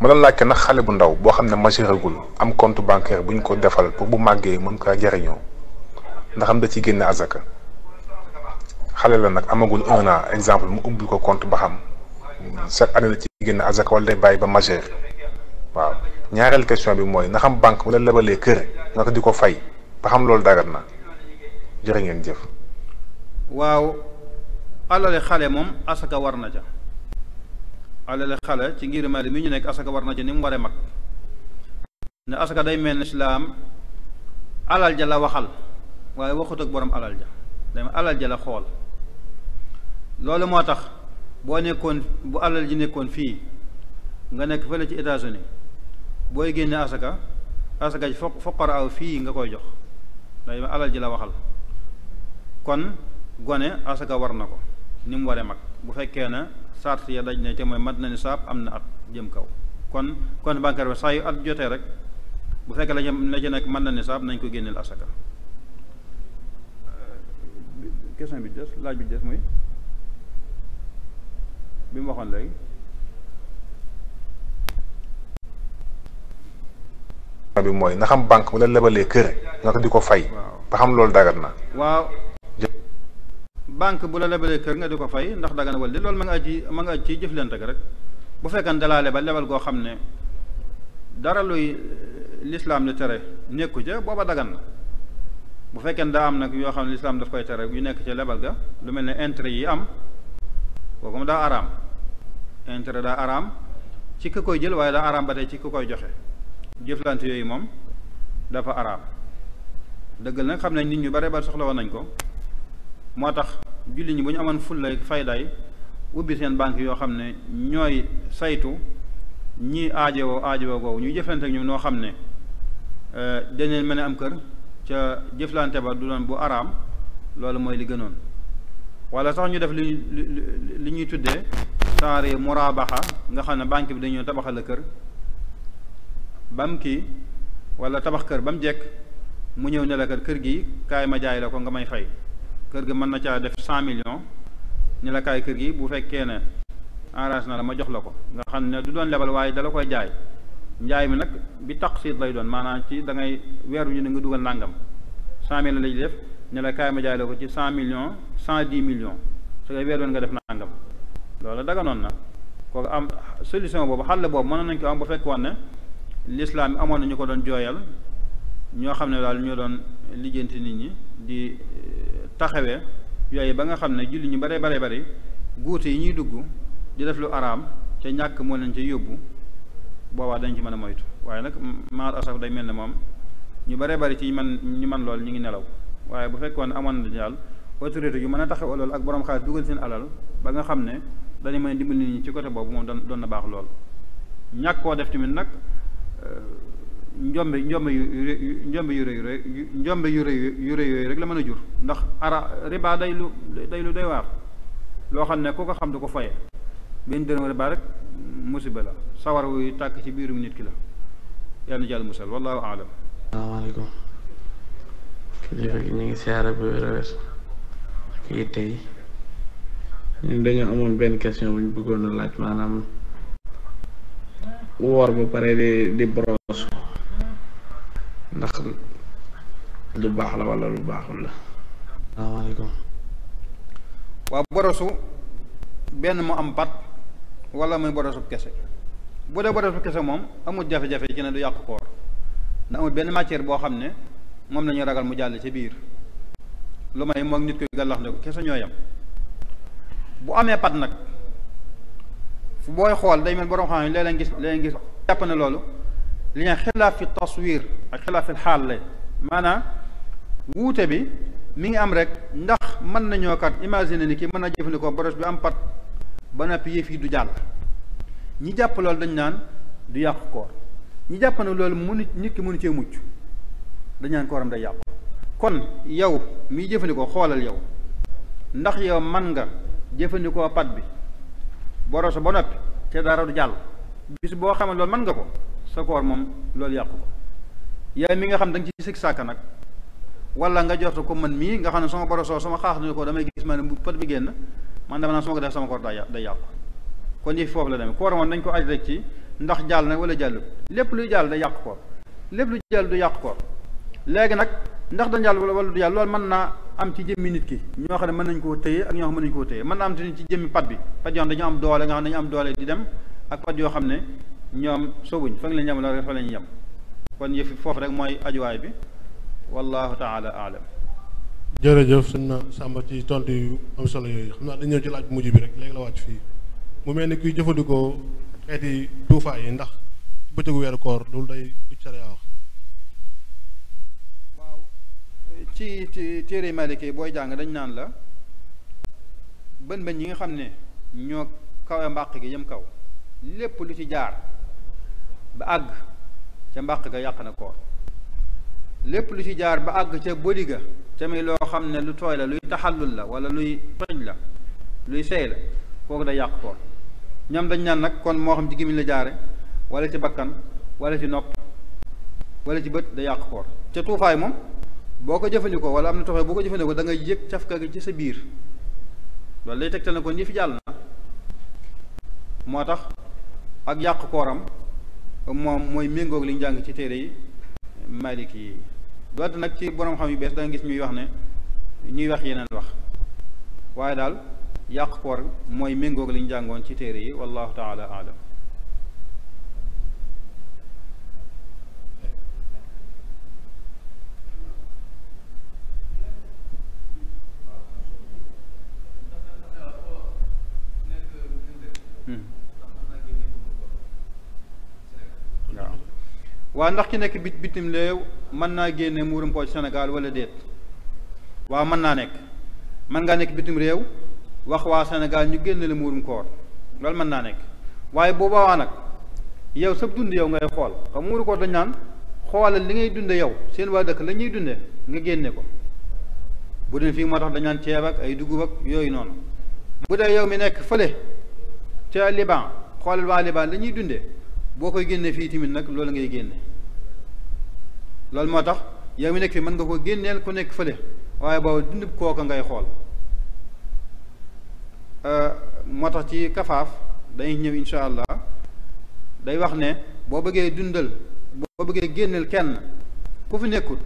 ma doon laajte ndax xale bu ndaw boo xam ne majoragul am compte bancaire bu ñu ko defal pour bu màggee mën kaa jariñoo ndax am da ci génne azaka xale la nag amagul un an exemple mu ubbi ko compte ba xam chaque année ci génn azaka wala day bàyyi ba majeur waaw ñaareel question bi mooy na xam banque mu la lebalee kër nga di ko fay ba xam loolu dagat na jërë ngeen jëf. waaw alale xale moom asaka war na ja alale xale ci ngir mali mi ñu nekk asaka war na ca ni mu waree mag ne asaka day mel na ne islaam alal ja la waxal waaye waxut ak borom alal ja dama alal ja la xool loolu moo tax boo nekkoon bu alal ji nekkoon fii nga nekk fële ci États-Unis booy génne asaka asaka ji fo foqaraaw fii nga koy jox day alal ji la waxal kon gone asaka war na ko ni mu waree mag bu fekkee na sart ya daj ne te mooy mat na nisaab am na at jëm kaw kon kon bancaire bi saa yu at jotee rek bu fekkee la na ci nekk mat na nisaab nañ ko génneel asaka euh, question bi des laaj bi des mooy bi mu waxoon léegi bi mooy na banque mu la lebalee kër nga ko di ko fay ba xam loolu dagat na waaw banque bu la lebalee kër nga di ko fay ndax dagan wala loolu ma nga aji ma nga aj ci jëflante rek bu fekkee dalaa lebal lebal goo xam ne dara luy eh, lislaam li tere nekku ca booba dagan na bu fekkee daa am nag yoo xam ne lislaam daf koy tere yu nekk ca lebal ga lu mel ne intérêt yi am kooku moom daa araam intérêt daa araam ci ki koy jël waaye daa araam ba tey ci ki koy joxe jëflante yooyu moom dafa araam dëgg nag xam nañ nit ñu bare bare soxla woon nañ ko moo tax julli ñi bu ñu amoon fulla faydaay ubbi seen banque yoo xam ne ñooy saytu ñii aajowoo aajowoo googu ñuy jëflante ak ñoom noo xam ne euh, dañ leen mën a am kër ca jëflante ba du doon bu araam loolu mooy li gënoon wala sax ñu def li li ñuy tuddee saare muraabaxa nga xam ne banque bi dañoo tabaxal la kër bam mu kii wala tabax kër ba mu jekk mu ñëw ne la kër kër gi kaay ma jaay la ko nga may fay kër gi mën na caa def cent millions ne la kaay kër gi bu fekkee ne arrange na la ma jox la ko nga xam ne du doon lebal waaye dala koy jaay njaay mi nag bi taqsiit lay doon maanaam ci da ngay weeru ñu ne nga dugal nàngam cent mille lay def ne la kaay ma jaay la ko ci cent million cent dix millions su ko weer woon nga def nangam loolu daganoon na kooku am solution boobu xàll boobu mënoon nañ ko am bu fekk woon lislaam yi amoon na ñu ko doon jooyal ñoo xam ne daal ñoo doon liggéente nit ñi di eh, taxawee yooyu ba nga xam ne julli ñu bare bare bari guute yi ñuy dugg di def lu araam ca ñàkk moo nañ ca yóbbu boobaa dañ ci mën a moytu waaye nag maar asaf day mel ne moom ñu bare bari ci man ñu man lool ñu ngi nelaw waaye bu fekkoon amoon na daal autorité yu mën a taxawal loolu ak borom xaalis dugal seen alal ba nga xam ne dañu mën a dimbali ci côté boobu moom doon na baax def tamit nag euh, njombe njombe yu njombe yu rëy rëy njombe yu rek la mën a jur ndax ara lu day lu xam ne ku ko xam du ko faye benn dërëm riba rek musiba tàkk ci biirum nit ki la yàlla na jàll musal kilifa gi ngi siyaara bu wér a wér ak tey ñun dañoo amoon benn question bu ñu bëggoon a laaj maanaam woor bu pare di di brosse ndax lu baax la walla lu baaxul la salaamaaleykum waaw borosu benn mu am pat wala muy borosu kese bu dee borosu kese moom amul jafe-jafe ci ne du yàq koor ndax amul benn matière boo xam ne moom la ragal mu jàll ci biir lu may moog nit koy gàllax ne kese ñoo yam bu amee pat nag fu booy xool day mel borom xam ne léeg-léeg gis léeg gis jàpp li ñu xilaaf fi taswir ak xilaaf maanaam wuute bi mi ngi am rek ndax mën nañoo kat imaginer ni ki mën a jëfandikoo boros bi am pat ba noppi yëf fii du jàll ñi jàpp loolu dañ naan du yàqu ko ñi jàpp ne loolu mënu nit ki mënu cee mucc dañu naan kooram day yàqu kon yow miy jëfandikoo xoolal yow ndax yow man nga jëfandikoo pat bi boroso ba noppi te dara du jàll bis boo xam ne loolu mën nga ko sa koor moom loolu yàqu ko yaay mi nga xam da nga ci sikk sàkk nag wala nga jot ko man mii nga xam ne sama borosoo sama xaax ni ko damay gis ma ne bu pat bi génn man dama naan su ma ko def sama koor day day yàqu kon yëf foofu la demee koor moom dañ ko aj ci ndax jàll nag wala jàllu lépp luy jàll day yàqu lépp lu jàll du yàqu koor léegi nag ndax dañ jàll wala du jàll loolu mën naa am ci jëmmi nit ki ñoo xam ne mën nañ koo téye ak ñoo xam koo téye mën naa am ci jëmmi pat bi pat yoo am doole nga xam ne am doole di dem ak pat yoo xam ne ñoom soobuñ fa nga leen yem la fa lañu yem kon yëfi foofu rek mooy ajuwaay bi wallahu taala aalam jërëjëf suñ na Samba ci tontu yu am solo yooyu xam naa dañ ñëw ci laaj bu mujj bi rek léegi la wàcc fii mu mel ni kuy jëfandikoo xeeti tuufaay yi ndax bëccëgu weeru koor loolu day du ci ci téere Maliki booy jàng dañ naan la bën bën yi nga xam ne ñoo kawe mbàq gi jëm kaw lépp lu ci jaar ba àgg ca mbàq ga yàq na koor lépp lu ci jaar ba àgg ca bëri ga ca loo xam ne lu tooy la luy taxallul la wala luy toj la luy seey la kooku day yàq koor ñoom dañ naan nag kon moo xam ci gémmiñ la jaare wala ci bakkan wala ci nopp walla ci bët da yàq koor ca tuufaay moom boo ko jëfandikoo wala am na toxee boo ko jëfandikoo da nga yëg cafka gi ci sa biir loolu lay tegtal na ko ñi fi jàll na moo tax ak yàq kooram moom mooy méngoog li ñu jàng ci téere yi malik yi donte nag ci borom xam yu bees da nga gis ñuy wax ne ñuy wax yeneen wax waaye daal yàq koor mooy méngoog li ñu jàngoon ci téere yi wallahu taala aadam waa ndax ki nekk bit bitim réew mën naa génne muurum ko ci Sénégal wala déet waaw mën naa nekk mën nga nekk bitim réew wax waa Sénégal ñu génne la muurum koor loolu mën naa nekk waaye boobaa waa nag yow sab dund yow ngay xool xam muuru koor dañ naan xoolal li ngay dunde yow seen waa dëkk lañuy ñuy dunde nga génne ko bu dee fii moo tax dañ ceeb ak ay dugub ak yooyu noonu bu dee yow mi nekk fële ca Liban xoolal waa Liban la ñuy dunde boo koy génne fii tamit nag loolu ngay génne loolu moo tax yow mi nekk fi mën nga ko génneel ku nekk fële waaye boobu dundub kooka ngay xool euh, moo tax ci kafaaf dañuy ñëw insha allah day wax ne boo bëggee dundal boo bëggee génneel kenn ku fi nekkul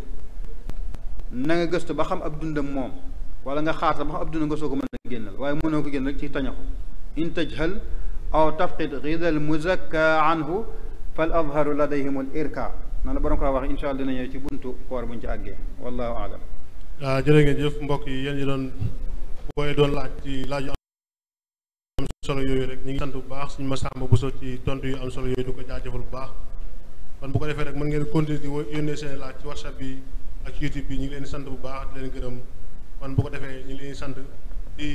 na nga gëstu ba xam ab dundam moom wala nga xaar ba xam ab dund nga soo ko mën a génneel waaye mënoo ko génn rek ci tañaxu in tajhal aw tafqid ridal muzakka anhu fal azharu ladayhim al irka noonu borom ko wax incha allah dina ñëw ci buntu koor buñ ci àggee wallahu alam waaw ah, jërë ngeen jëf mbokk yi yéen ñi doon booyee doon laaj ci laaj yu am solo yooyu rek ñi ngi sant bu baax suñ ma suñu Masamba Bousso ci tontu yu am solo yooyu du ko jaajëfal bu baax kon bu ko defee rek mën ngeen continuer di yónnee seen laaj ci whatsapp bi ak youtube bi ñu leen sant bu baax leen gërëm kon bu ko defee ñi ngi leen di sant di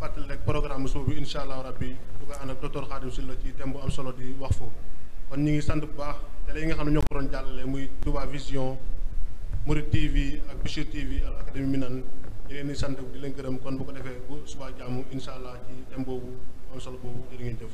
fàttali rek programme suba bi incha allah rabbi du ko ànd ak docteur Khadim Sylla ci thème bu am solo di wax foofu kon ñu ngi télé yi nga xam ne ñoo ko doon jàllale muy Touba Vision Mouride TV ak Bichir TV ak Académie Minane di leen di sant di leen gërëm kon bu ko defee subaa jàmm incha allah ci thème boobu am solo boobu jërë ngeen jëf.